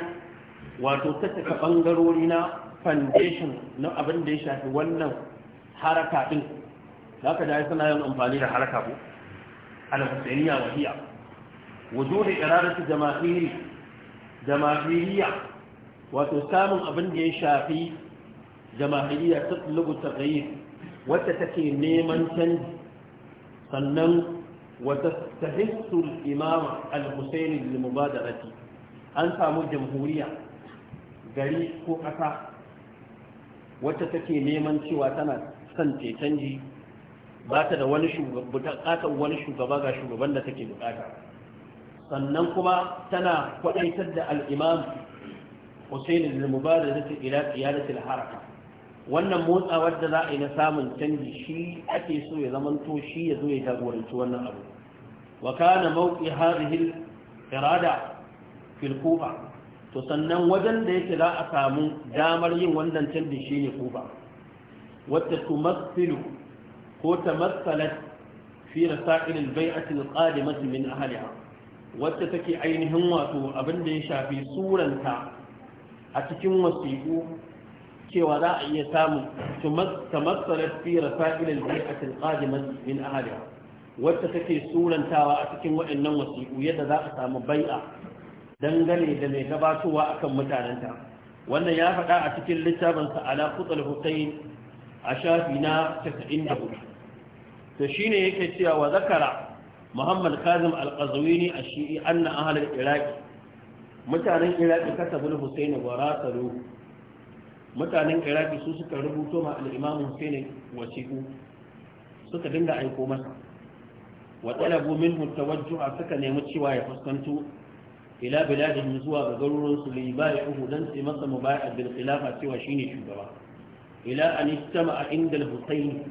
[SPEAKER 1] wato ta taka bangarori na foundation na abin da ya shafi wannan haraka din haka da suna yin amfani da haraka ko al-husayniyya wahiya وجود إرادة جماهير jamahiriya wato samun abin da ya shafi jamahiriya ta lugu ta wacce take neman canji sannan wata tahissul imama al-husaini lil mubadarati an samu jamhuriya gari ko ƙasa wacce take neman cewa tana son ce canji ba ta da wani shugaba wani shugaba ga shugaban da take bukata sannan kuma tana kwadaitar da al'imam Hussein da Mubarak da ta ila qiyadatul haraka wannan motsawar da za a yi na samun canji shi ake so ya zamanto shi ya zo ya jagoranci wannan abu wa kana mawqi hadhihi irada fil kufa to sannan wajen da yake za a samu damar yin wannan canji shine kufa wata tumassilu ko tamassalat fi rasail al-bai'ati al-qadimati min ahliha wacce take ainihin wato abin da ya shafi suranta a cikin wasiƙu cewa za a iya samun. ta matsalar fi rasa'ilin bai'atin ƙadiman min ahaliya wacce take surantawa a cikin waɗannan wasiƙu yadda za a samu bai'a dangane da mai gabatowa akan mutanenta wannan ya faɗa a cikin littafinsa ala kutsal hussein a shafi na 94 to shine yake cewa wa zakara muhammad kazim al-qazwini a shi'i anna ahalar iraki mutanen iraki kasa kasabul husaini wa rasalu mutanen iraki su suka rubuto ma al-imam husaini wasiqu suka dinga aiko masa wa talabu minhu tawajjuha suka nemi cewa ya fuskantu. ila biladihim zuwa ga garuruwan su li bai'uhu dan sai masa mubaya'a bil khilafa cewa shine shugaba ila an istama inda al-husaini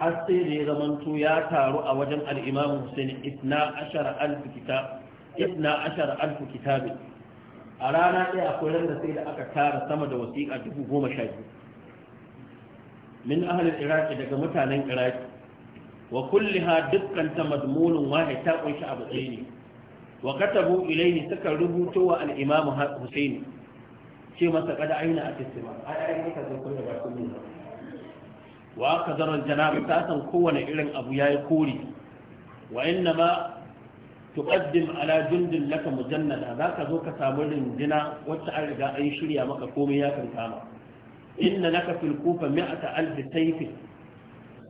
[SPEAKER 1] har sai da ya zamanto ya taru a wajen al'imamu Hussein itna ashara alfu kitab itna ashara alfu kitabin a rana ɗaya akwai ran da sai da aka tara sama da wasiƙa dubu goma sha biyu min ahalin iraki daga mutanen iraki wa ha dukkan ta madmunun wahid ta kunshi abu ɗaya ne wa katabu ilayhi suka rubuto wa al-imam Husaini ce masa kada aina a tisima ai ai maka zo kullu ba kullu wa aka zara janabi ta san kowane irin abu ya yi kori wa inna ma tuqaddim ala jundin laka mujannada za ka zo ka samu rindina wacce an riga an shirya maka komai ya kan kama inna naka fil kufa mi'ata alf sayfi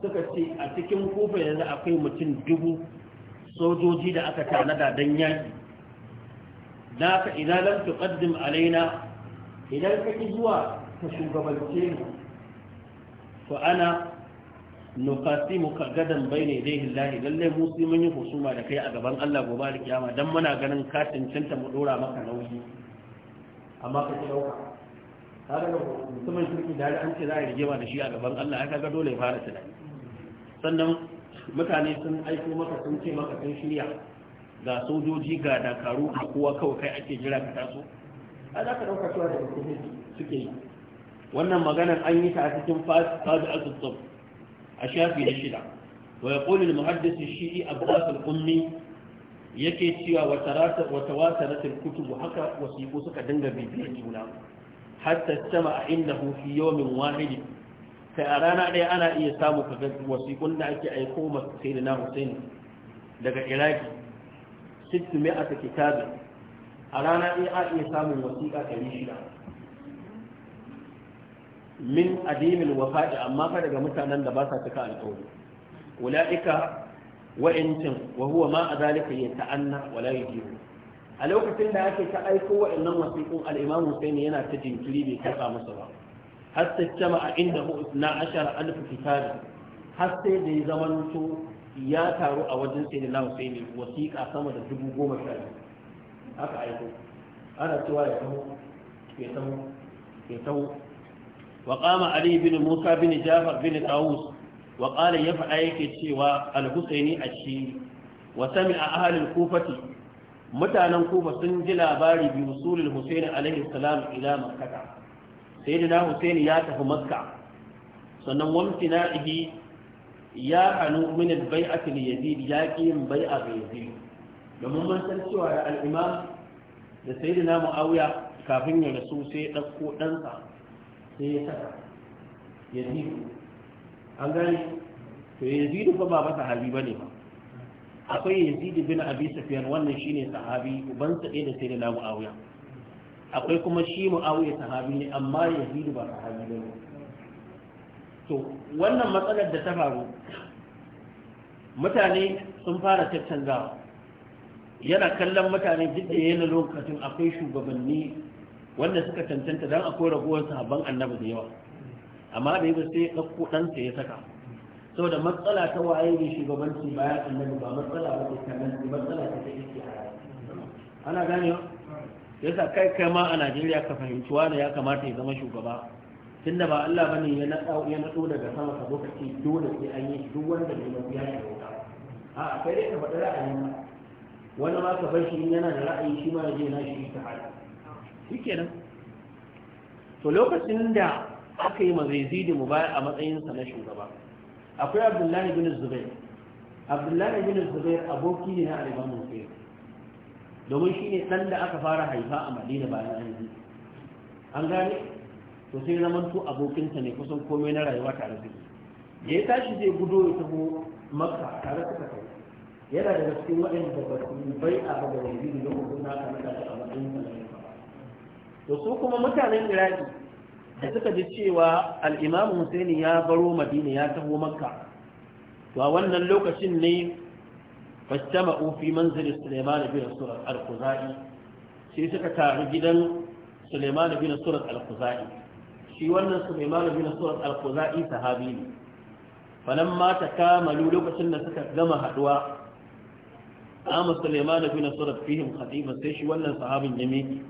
[SPEAKER 1] suka ce a cikin kufa yanzu akwai mutum dubu sojoji da aka tanada dan yaki naka idan lam tuqaddim alaina idan kake zuwa ka shugabance mu To ana nuqasimu ka gadan bayne dai lillahi lalle mu sai mun yi husuma da kai a gaban Allah gobe da kiyama dan muna ganin ka cancanta mu dora maka nauyi amma ka ci dauka kaga mutumin kirki da an ce za a rigima da shi a gaban Allah ya ga dole ya fara tunani sannan mutane sun aiko maka sun ce maka sun shirya ga sojoji ga dakaru a kowa kawai kai ake jira ka taso a za ka dauka cewa da suke yi wannan maganar an yi ta a cikin fadi azubtub a shafi na shida wa ya ƙoli da muhaddisi shi abbasul ummi yake cewa wata wata ratar ba haka wasiƙu suka dinga bibiyar juna hatta sama a inda hufi yawmin wahidi sai a rana ɗaya ana iya samu kaga wasiƙun da ake aiko masu sai da na husaini daga iraki sittu mai a kitabin a rana ɗaya a iya samun wasiƙa ɗari shida min adimin wafa'i amma fa daga mutanen da ba sa cika alƙawari ula'ika wa'incin wa huwa ma a zalika ya ta'anna wala yujibu a lokacin da ake ta aiko wa'annan wasiƙun al-Imam Hussein yana ta jinkiri bai karɓa masa ba har sai a inda hu na ashara alf kitabi har sai da ya to ya taru a wajen sai na Hussein wasiƙa sama da dubu goma sha haka aiko ana cewa ya taho ya taho ya وقام علي بن موسى بن جعفر بن طاووس وقال يفعل yake cewa al-Husaini ashi wa sami'a ahli al-Kufati mutanen Kufa sun ji labari biyu usulul Husaini alaihi salam ila Makkah sayyidina Husaini ya tafi Makka sannan wamtina'ihi ya ya ki yin bai'a ga Yazid domin mun san cewa da imam da sayyidina Muawiya kafin ya rasu sai ko ɗansa sai ya saka yazidu an gani to yazidu fa ba ba sahabi bane ba akwai yazidu bin abi safiyan wannan shine sahabi sa ɗaya da sai sayyidina muawiya akwai kuma shi muawiya sahabi ne amma yazidu ba sahabi ne. to wannan matsalar da ta faru mutane sun fara tattanzawa yana kallon mutane duk da yana lokacin akwai shugabanni wanda suka cancanta don akwai raguwar sahabban annabi da yawa amma da yadda sai ɗauko ɗansa ya saka Sau da matsala ta waye ne shugabanci bayan annabi ba matsala ba ta kanan matsala ta ta iske ana gane yasa kai kai ma a Najeriya ka fahimci wani ya kamata ya zama shugaba Tun da ba Allah bane ya nada ya naɗo daga sama ka zo ka ce dole sai an yi duk wanda bai mafi ya shiga a kai dai ka faɗi ra'ayin wani ma ka bar shi yana da ra'ayi shi ma ya je na shi ta hali shike nan to lokacin da aka yi mazaizidi mu baya a matsayinsa na shugaba akwai abdullahi bin zubair abdullahi bin zubair aboki ne na alimamin sai domin shi ne ɗan da aka fara haifa a madina bayan an yi an gane to sai zaman to abokinsa ne kusan komai na rayuwa tare da da ya tashi zai gudo ya taho maka tare suka kai yana da cikin waɗanda ba su bai a ba da yanzu da kuma na kan kashi a matsayin to su kuma mutanen iraki da suka ji cewa al'imamu husaini ya baro madina ya taho makka to a wannan lokacin ne fastama fi manzilin suleiman bin surat al-kuzai sai suka taru gidan suleiman bin surat al-kuzai shi wannan suleiman bin surat al-kuzai sahabi ne falan mata kamalu lokacin da suka gama haduwa amma suleiman bin surat fihim khatiba sai shi wannan sahabin ya miki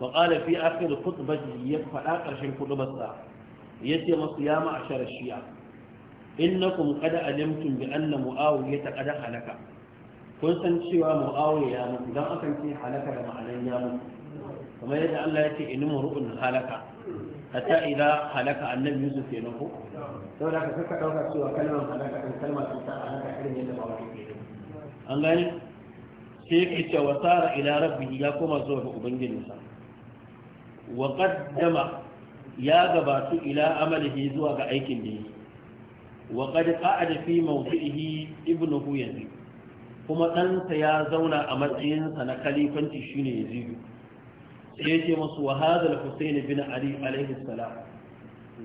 [SPEAKER 1] وقال في آخر خطبة يدفع آخر شيء خطبة ساعة يتم صيام عشر الشيعة إنكم قد ألمتم بأن معاوية قد حلك كنت سوى معاوية يا من لم أكن في حلك لما علي كما يدعى الله يتي إن مرؤ حلك حتى إذا حلك أن لم يزف ينفو ولكن فكرة أولا سوى كلمة حلك أن كلمة تساء حلك حلم يدفع وكيفين الله يتي سيكي سوى صار إلى ربه يقوم زوجه بنجل مسلم wa qaddama ya gabatu ila amalihi zuwa ga aikin da yake wa qad qa'ada fi mawdihi ibnuhu yazid kuma ɗansa ya zauna a matsayinsa na kalifanci shine yazid sai ya ce masu wa hadha al-husayn bin ali alayhi salam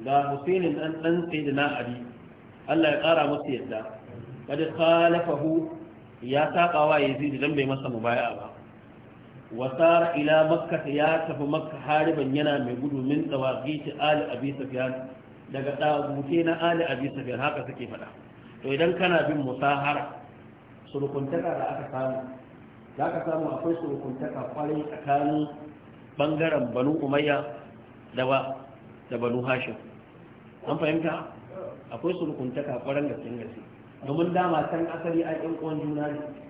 [SPEAKER 1] ga husayn dan dan sayyidina ali Allah ya ƙara masa yadda kad khalafahu ya saba wa yazid dan bai masa mubaya ba wasar ila makka ya tafi makka hariban yana mai gudu min tsawagiti ali abi sufyan daga dagute na ali abi sufyan haka suke faɗa to idan kana bin musahara surukuntaka da aka samu za ka samu akwai surukuntaka kwarai tsakanin bangaren banu umayya da ba da banu hashim an fahimta akwai surukuntaka kwarai da sun domin dama can asali a yan uwan juna ne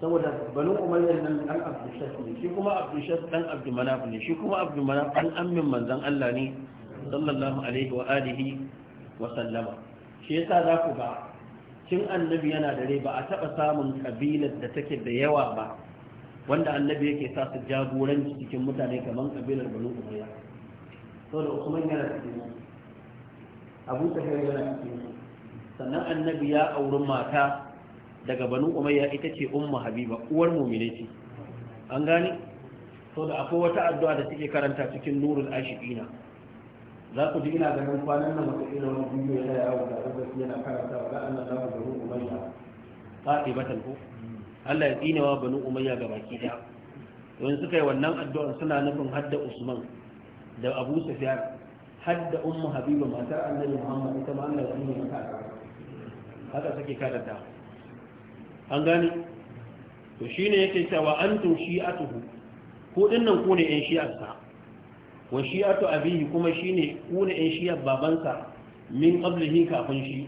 [SPEAKER 1] saboda banu umayyar nan dan abdushas ne shi kuma abdushas dan abdumanaf ne shi kuma abdumanaf an ammin manzon Allah ne sallallahu alaihi wa alihi wa sallama shi yasa za ku ba cin annabi yana da rai ba a taba samun kabilar da take da yawa ba wanda annabi yake sa su jagoranci cikin mutane kamar kabilar banu umayya saboda usman yana cikin abu tahir yana cikin sannan annabi ya auri mata daga banu umayya ita ce ummu habiba uwar mu'mini ce an gane to da akwai wata addu'a da take karanta cikin nurul ashiqina za ku ji ina ganin kwanan nan wata ina wani bidiyo yana yawo da abubuwa yana karanta wa la'anna za ku banu umayya qa'ibatan ko Allah ya tsine wa banu umayya ga baki da. don suka yi wannan addu'ar suna nufin hadda usman da abu sufyan hadda ummu habiba matar annabi muhammad ita ma Allah ya tsine mata haka suke karanta an gane to ne yake cewa antum shi'atuhu ko dinnan ku ne yan shi'arsa wa shi'atu abihi kuma shi ne ku ne yan shi'ar babansa min qablihi kafin shi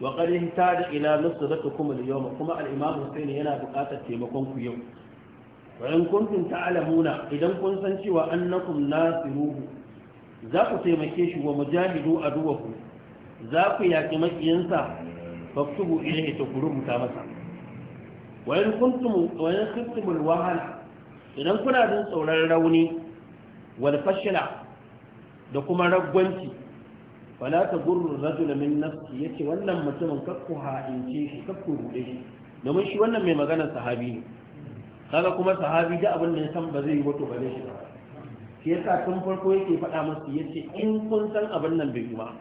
[SPEAKER 1] wa qad ihtada ila nusratukum al-yawm kuma al-imam Hussein yana buƙatar taimakon ku yau wa in kuntum ta'lamuna idan kun san cewa annakum nasiruhu za ku taimake shi wa mujahidu aduwahu za ku yaki makiyansa faktubu ilahi ta ku rubuta masa wayan kuntum wayan kuntum idan kuna jin tsoron rauni wal fashila da kuma ragwanci wala ta gurru rajula min nafsi yace wannan mutumin kakku ce shi kakku rude shi domin shi wannan mai magana sahabi ne kaga kuma sahabi da abin da ya san ba zai yi wato ba shi ba shi yasa tun farko yake faɗa musu yace in kun san abin nan bai yi ba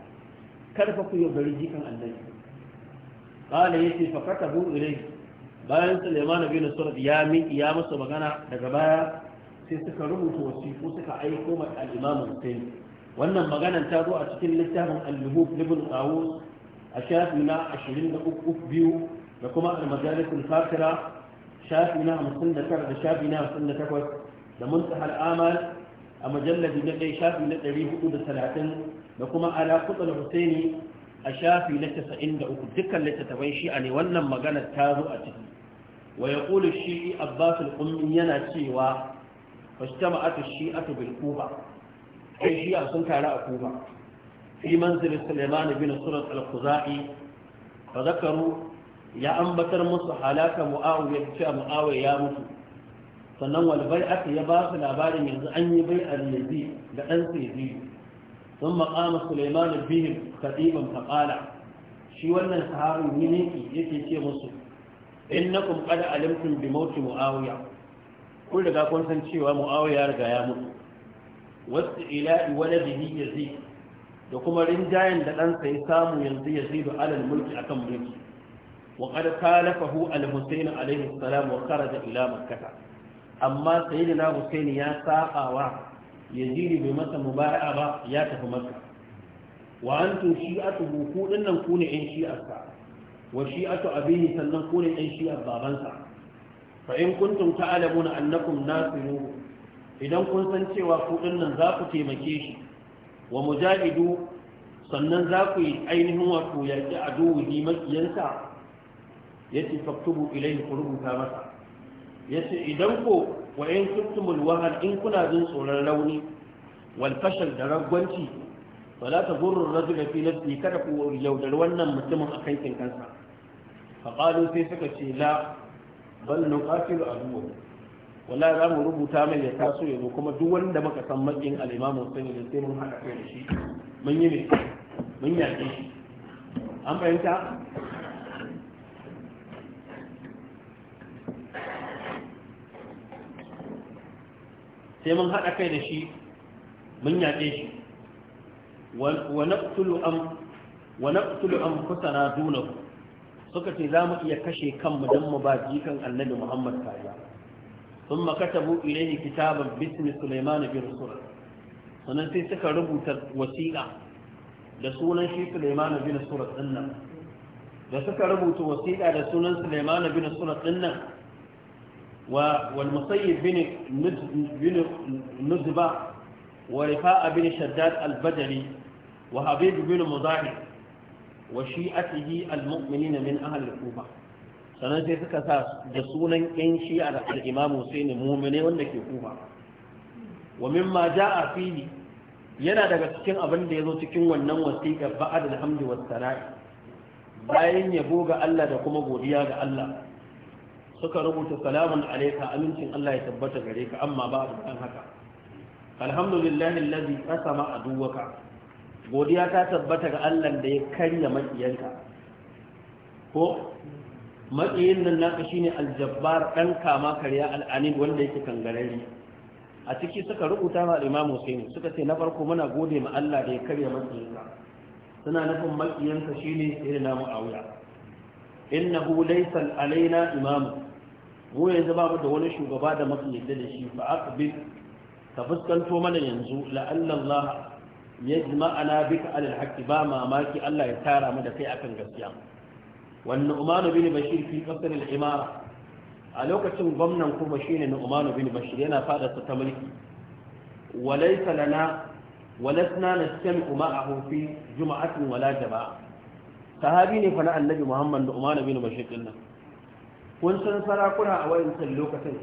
[SPEAKER 1] kada fa ku yi bari jikan annabi qala yace fa katabu ilayhi bayan suleiman bin surat ya miƙi ya masa magana daga baya sai suka rubuta wasiƙu suka aiko ma al-imam hussein wannan maganan ta zo a cikin littafin al-luhub ibn qawus a shafi na 23 da kuma al-majalis al-fakira shafi na 59 da shafi na 58 da muntaha al-amal a majalladi na kai shafi na 430 da kuma ala kutsal husaini a shafi na 93 dukkan littattafai shi'a ne wannan magana ta zo a ciki wa ya ƙulu shi abbas al'ummi yana cewa ba su shi ata bil kuba kai shi'a sun taru a kuba fi manzilin suleiman bin surat al-kuza'i ka zakaru ya ambatar musu halaka mu'awiyar a mu'awiyar ya mutu sannan walbai aka ya ba su labarin yanzu an yi bai al-yazi da ɗan sai sun maƙama suleiman bihim kaɗiban faƙala shi wannan saharin yiniki yake ce musu innakum qad alimtum bi mawt muawiya kun riga kun san cewa muawiya riga ya mutu wasu ila'i waladihi yazid da kuma rinjayen da ɗansa ya samu yanzu yazid alal mulki akan mulki wa qad khalafahu al-husayn alayhi salam wa da ila makkah amma Na husayn ya sabawa yazid bai masa mubara'a ba ya tafi masa wa antum shi'atuhu ku nan ku ne in shi'arsa wa ato abini sannan ku ne ɗan shi'ar babansa fa in kuntum ta'lamuna annakum nasiru idan kun san cewa ku dinnan za ku taimake shi wa mujahidu sannan za ku yi ainihin wato yaƙi aduwuhi makiyansa yace faktubu ilai ku rubuta masa yace idan ko wa in kuntumul wahal in kuna jin tsoron rauni wal fashal da ragwanci fala ta gurru rajula fi nafsi kada ku yaudar wannan mutumin a kankin kansa faƙalu sai suka ce la bal nuqatilu aduwwa wallahi za mu rubuta mai ya taso ya zo kuma duk wanda muka san makin al sani sai sai mun haɗa kai da shi mun yi ne mun yaƙe shi an fahimta sai mun haɗa kai da shi mun yaƙe shi wa naqtulu am wa naqtulu am kusana dunahu suka ce za mu iya kashe kanmu don mu ba jikan annabi muhammad kariya sun makatabu ilaihi kitabar bismi suleiman bin sura sannan sai suka rubuta wasiƙa da sunan shi suleiman bin sura din nan da suka rubuta wasiƙa da sunan suleiman bin sura din nan wa wal musayyib bin nuzba wa rifa'a bin shaddad al-badri wa habib bin mudahib wa shi'atihi almumini na min ahli kufa sanan sai suka sa da sunan yan shi'a da al-imam Husaini mu'mine wanda ke kufa wa ja a fili yana daga cikin abin da zo cikin wannan wasiƙar ba'ad al-hamdi was bayan yabo ga Allah da kuma godiya ga Allah suka rubuta salamun alaika, amincin Allah ya tabbata gare ka amma ba a haka alhamdulillahi allazi qasama aduwaka godiya ta tabbata ga Allah da ya karya maƙiyanka. ko matsayin nan naka shine aljabbar ɗan kama karya al'anin wanda yake kangarari a ciki suka rubuta ma Imam Hussein suka ce na farko muna gode ma Allah da ya karya maƙiyanka. suna nufin matsiyanka shine irin namu auya innahu laysa alaina imam mu yanzu ba mu da wani shugaba da mafi da shi fa aqbil ka fuskanto mana yanzu la'alla Allah yajma'ana bika alal haqqi ba mamaki Allah ya tara mu da kai akan gaskiya wannan Umar bin Bashir fi qasr al-imara a lokacin gwamnan kuma shine Umar bin Bashir yana fada ta mulki walaysa lana walasna nastami'u ma'ahu fi juma'atin wala jama'a sahabi ne fa na annabi Muhammad da Umar bin Bashir din kun san sarakuna a wayancan lokacin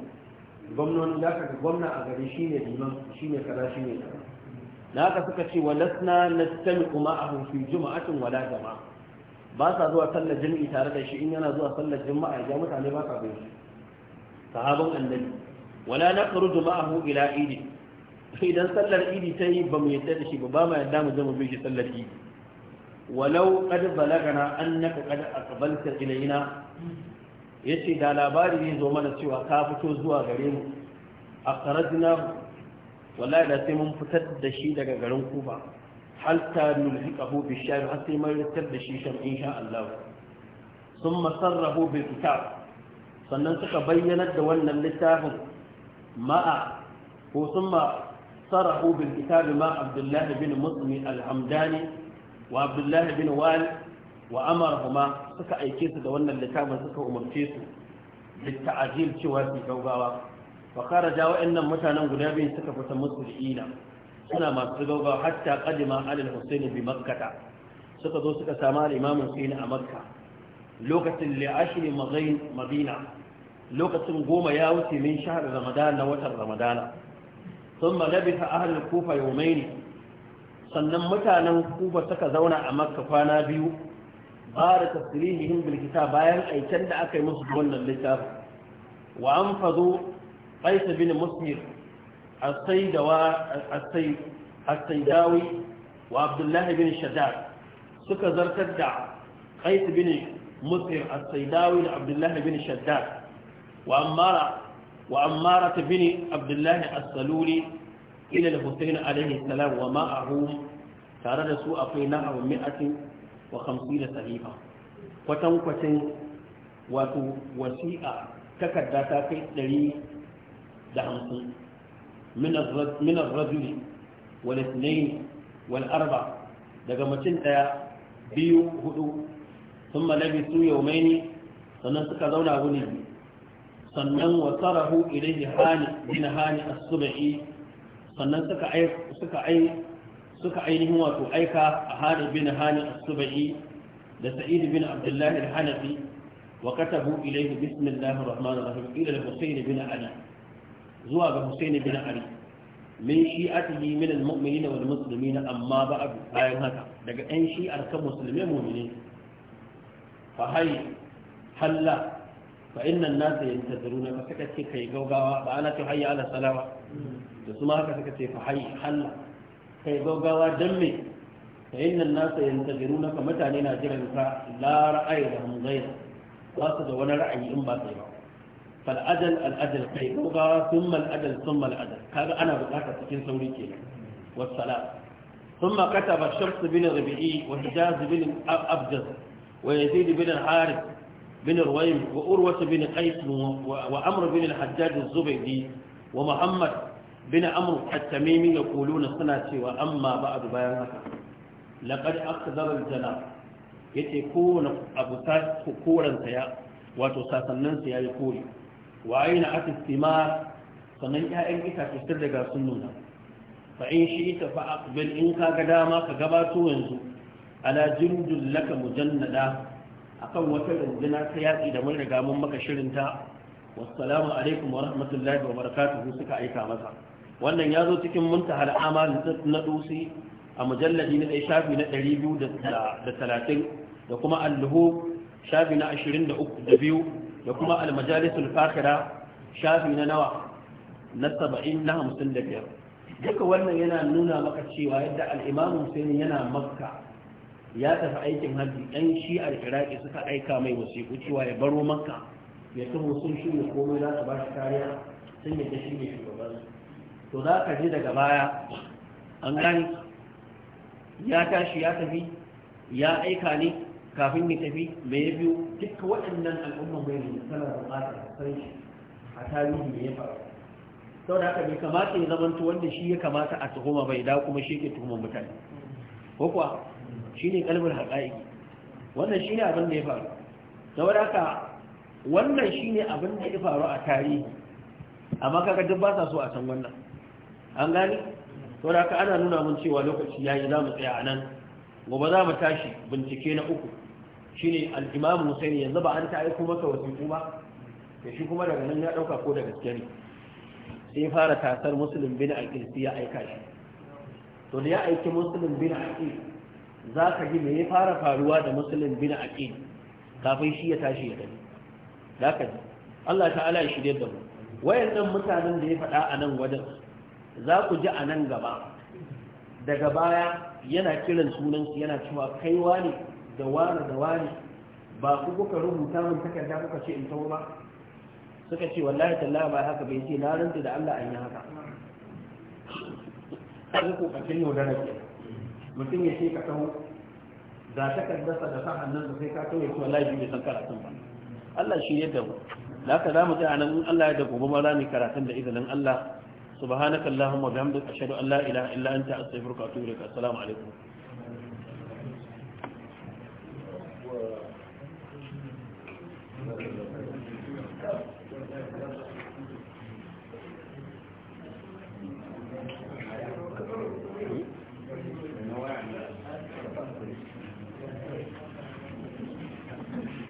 [SPEAKER 1] gwamnoni da ka gwamna a gari shine liman shine kaza shine kaza na haka suka ce wa lasna nastami kuma a hunfi juma'atin wala jama'a ba sa zuwa sallar jami'i tare da shi in yana zuwa sallar jama'a ya mutane ba sa bai sahabin annabi wala na karu juma'ahu ila idi idan sallar idi ta yi ba mu yadda da shi ba ba ma yadda mu zama mu bi shi sallar idi walau kad balagana annaka kad aqbalta ilayna yace da labari ne zo mana cewa ka fito zuwa gare mu akhrajna wallahi da sai mun fitar da shi daga garin kufa hatta nulhiqahu bi sham har sai mun fitar da shi sham insha Allah thumma sarrahu bi kitab sannan suka bayyanar da wannan littafin ma'a ko sun sarrahu bil kitab ma Abdullah bin Muslim al-Hamdani wa Abdullah bin Wal wa amarahuma suka aike su da wannan littafin suka umarce su litta'ajil cewa su gaugawa fa jawo wa'annan mutanen guda biyu suka fita musulina suna masu gauga hatta qadima al-husayn bi makkah suka zo suka samu al-imam husayn a makka lokacin li madina lokacin goma ya wuce min shahar ramadan na watan ramadana thumma labitha ahlul kufa yawmayn sannan mutanen kufa suka zauna a makka kwana biyu ba da tasirihihim bilkita bayan aiken da aka yi musu wannan littafi wa an fazo qais bin muslim as saidawi wa Abdullahi bin shaddad suka zartar da qais bin muslim as saidawi da Abdullahi bin shaddad wa ammara wa ammara bin abdullah as-saluli ila al-husayn alayhi salam wa ma'ahum tare da su akwai na'aw mi'atin wa Kamsi 50 sahifa kwatankwacin wato wasi'a takarda ta kai ɗari da hamsin min ar-rajuli wal ithnayn arba daga mutum daya biyu hudu ثم لبثوا يومين sannan suka zauna wuni sannan wasarahu ilaihi hani bin hani as-sub'i sannan suka ai suka ai wato aika a hani bin hani as-sub'i da sa'id bin abdullah al wa katabu ilaihi bismillahir rahmanir rahim ila bin ali zuwa ga Husaini bin Ali min shi'atihi min al-mu'minina wal muslimina amma ba'd bayan haka daga ɗan shi'ar kan musulmai mu'mini fa hay halla fa inna an-nas yantaziruna ka saka ce kai gaugawa ba ana ta hayya ala salama da su ma haka saka ce fa hay halla kai gaugawa dan me fa inna an-nas yantaziruna ka mutane na jiran ka la ra'ayi da hum ghayr ba su da wani ra'ayi in ba sai ba فالأجل الأجل خير وغا ثم الأجل ثم الأجل هذا أنا بقاك سكين سوري كينا والسلام ثم كتب الشمس بن ربيعي وحجاز بن أبجز ويزيد بن الحارث بن رويم وأروة بن قيس وأمر بن الحجاج الزبيدي ومحمد بن أمر التميمي يقولون سنة وأما بعد بيانك لقد أخذر الجناب يتكون أبو ساس كورا سياء وتساسنن سياء يقولي waye na atis timar sannan ƴaƴan itace sun daga sun nuna fa in shi fa in ka ga dama ka gabato yanzu ala jundul laka mujannada akan wata rundunar ta yaƙi da mun riga mun maka shirinta wassalamu alaikum wa rahmatullahi wa barakatuhu suka aika masa wannan ya zo cikin munta amal na dusi a mujalladi na shafi na 230 da kuma alluhu shafi na 23 da biyu da kuma almajalisul fakira shafi na nawa na saba'in na hamsin da biyar duka wannan yana nuna maka cewa yadda al'imamu husaini yana makka ya tafi aikin hajji ɗan shi iraki suka aika mai wasiƙu cewa ya baro makka ya taho sun shi ne komai za su ba shi kariya sun yadda shi ne shugaban to za ka je daga baya an gani ya tashi ya tafi ya aika ne kafin ya tafi me ya biyo duk waɗannan al'umma bai ne tana buƙatar san shi a tarihi ne ya faru saboda haka bai kamata ya zama zamanto wanda shi ya kamata a tuhuma bai da kuma shi ke tuhuma mutane ko kuwa shine kalmar haƙa'iƙi wannan shine abin da ya faru saboda haka wannan shine abin da ya faru a tarihi amma kaga duk ba sa so a san wannan an gani saboda haka ana nuna mun cewa lokaci yayi za mu tsaya a nan gobe za mu tashi bincike na uku shine ne imam Husaini yanzu ba an ta aiko masa wasiƙu ba Ya shi kuma daga nan ya ɗauka ko da gaske ne sai fara tasar muslim bin aqil ya aika shi to da ya aiki muslim bin za ka ji me ya fara faruwa da muslim bin aqil kafin shi ya tashi ya gani Za ka ji Allah ta'ala ya shirye da mu wayannan mutanen da ya faɗa a nan wajen za ku ji a nan gaba daga baya yana kiran sunansu yana cewa kaiwa ne da wani da wani ba ku kuka rubuta min takarda kuka ce in tawo ba suka ce wallahi tallahi ba haka bai ce na rantsi da Allah an yi haka sai ku kacin da ke mutum ya ce ka taho za ta sa da sa'an nan sai ka tawo ya ce wallahi bai san karatun ba Allah shi ya dawo da haka zamu mu ji anan in Allah ya da gobe ma zamu mu karatun da izinin Allah subhanakallahumma wa bihamdika ashhadu an la ilaha illa anta astaghfiruka wa atubu ilaik assalamu alaikum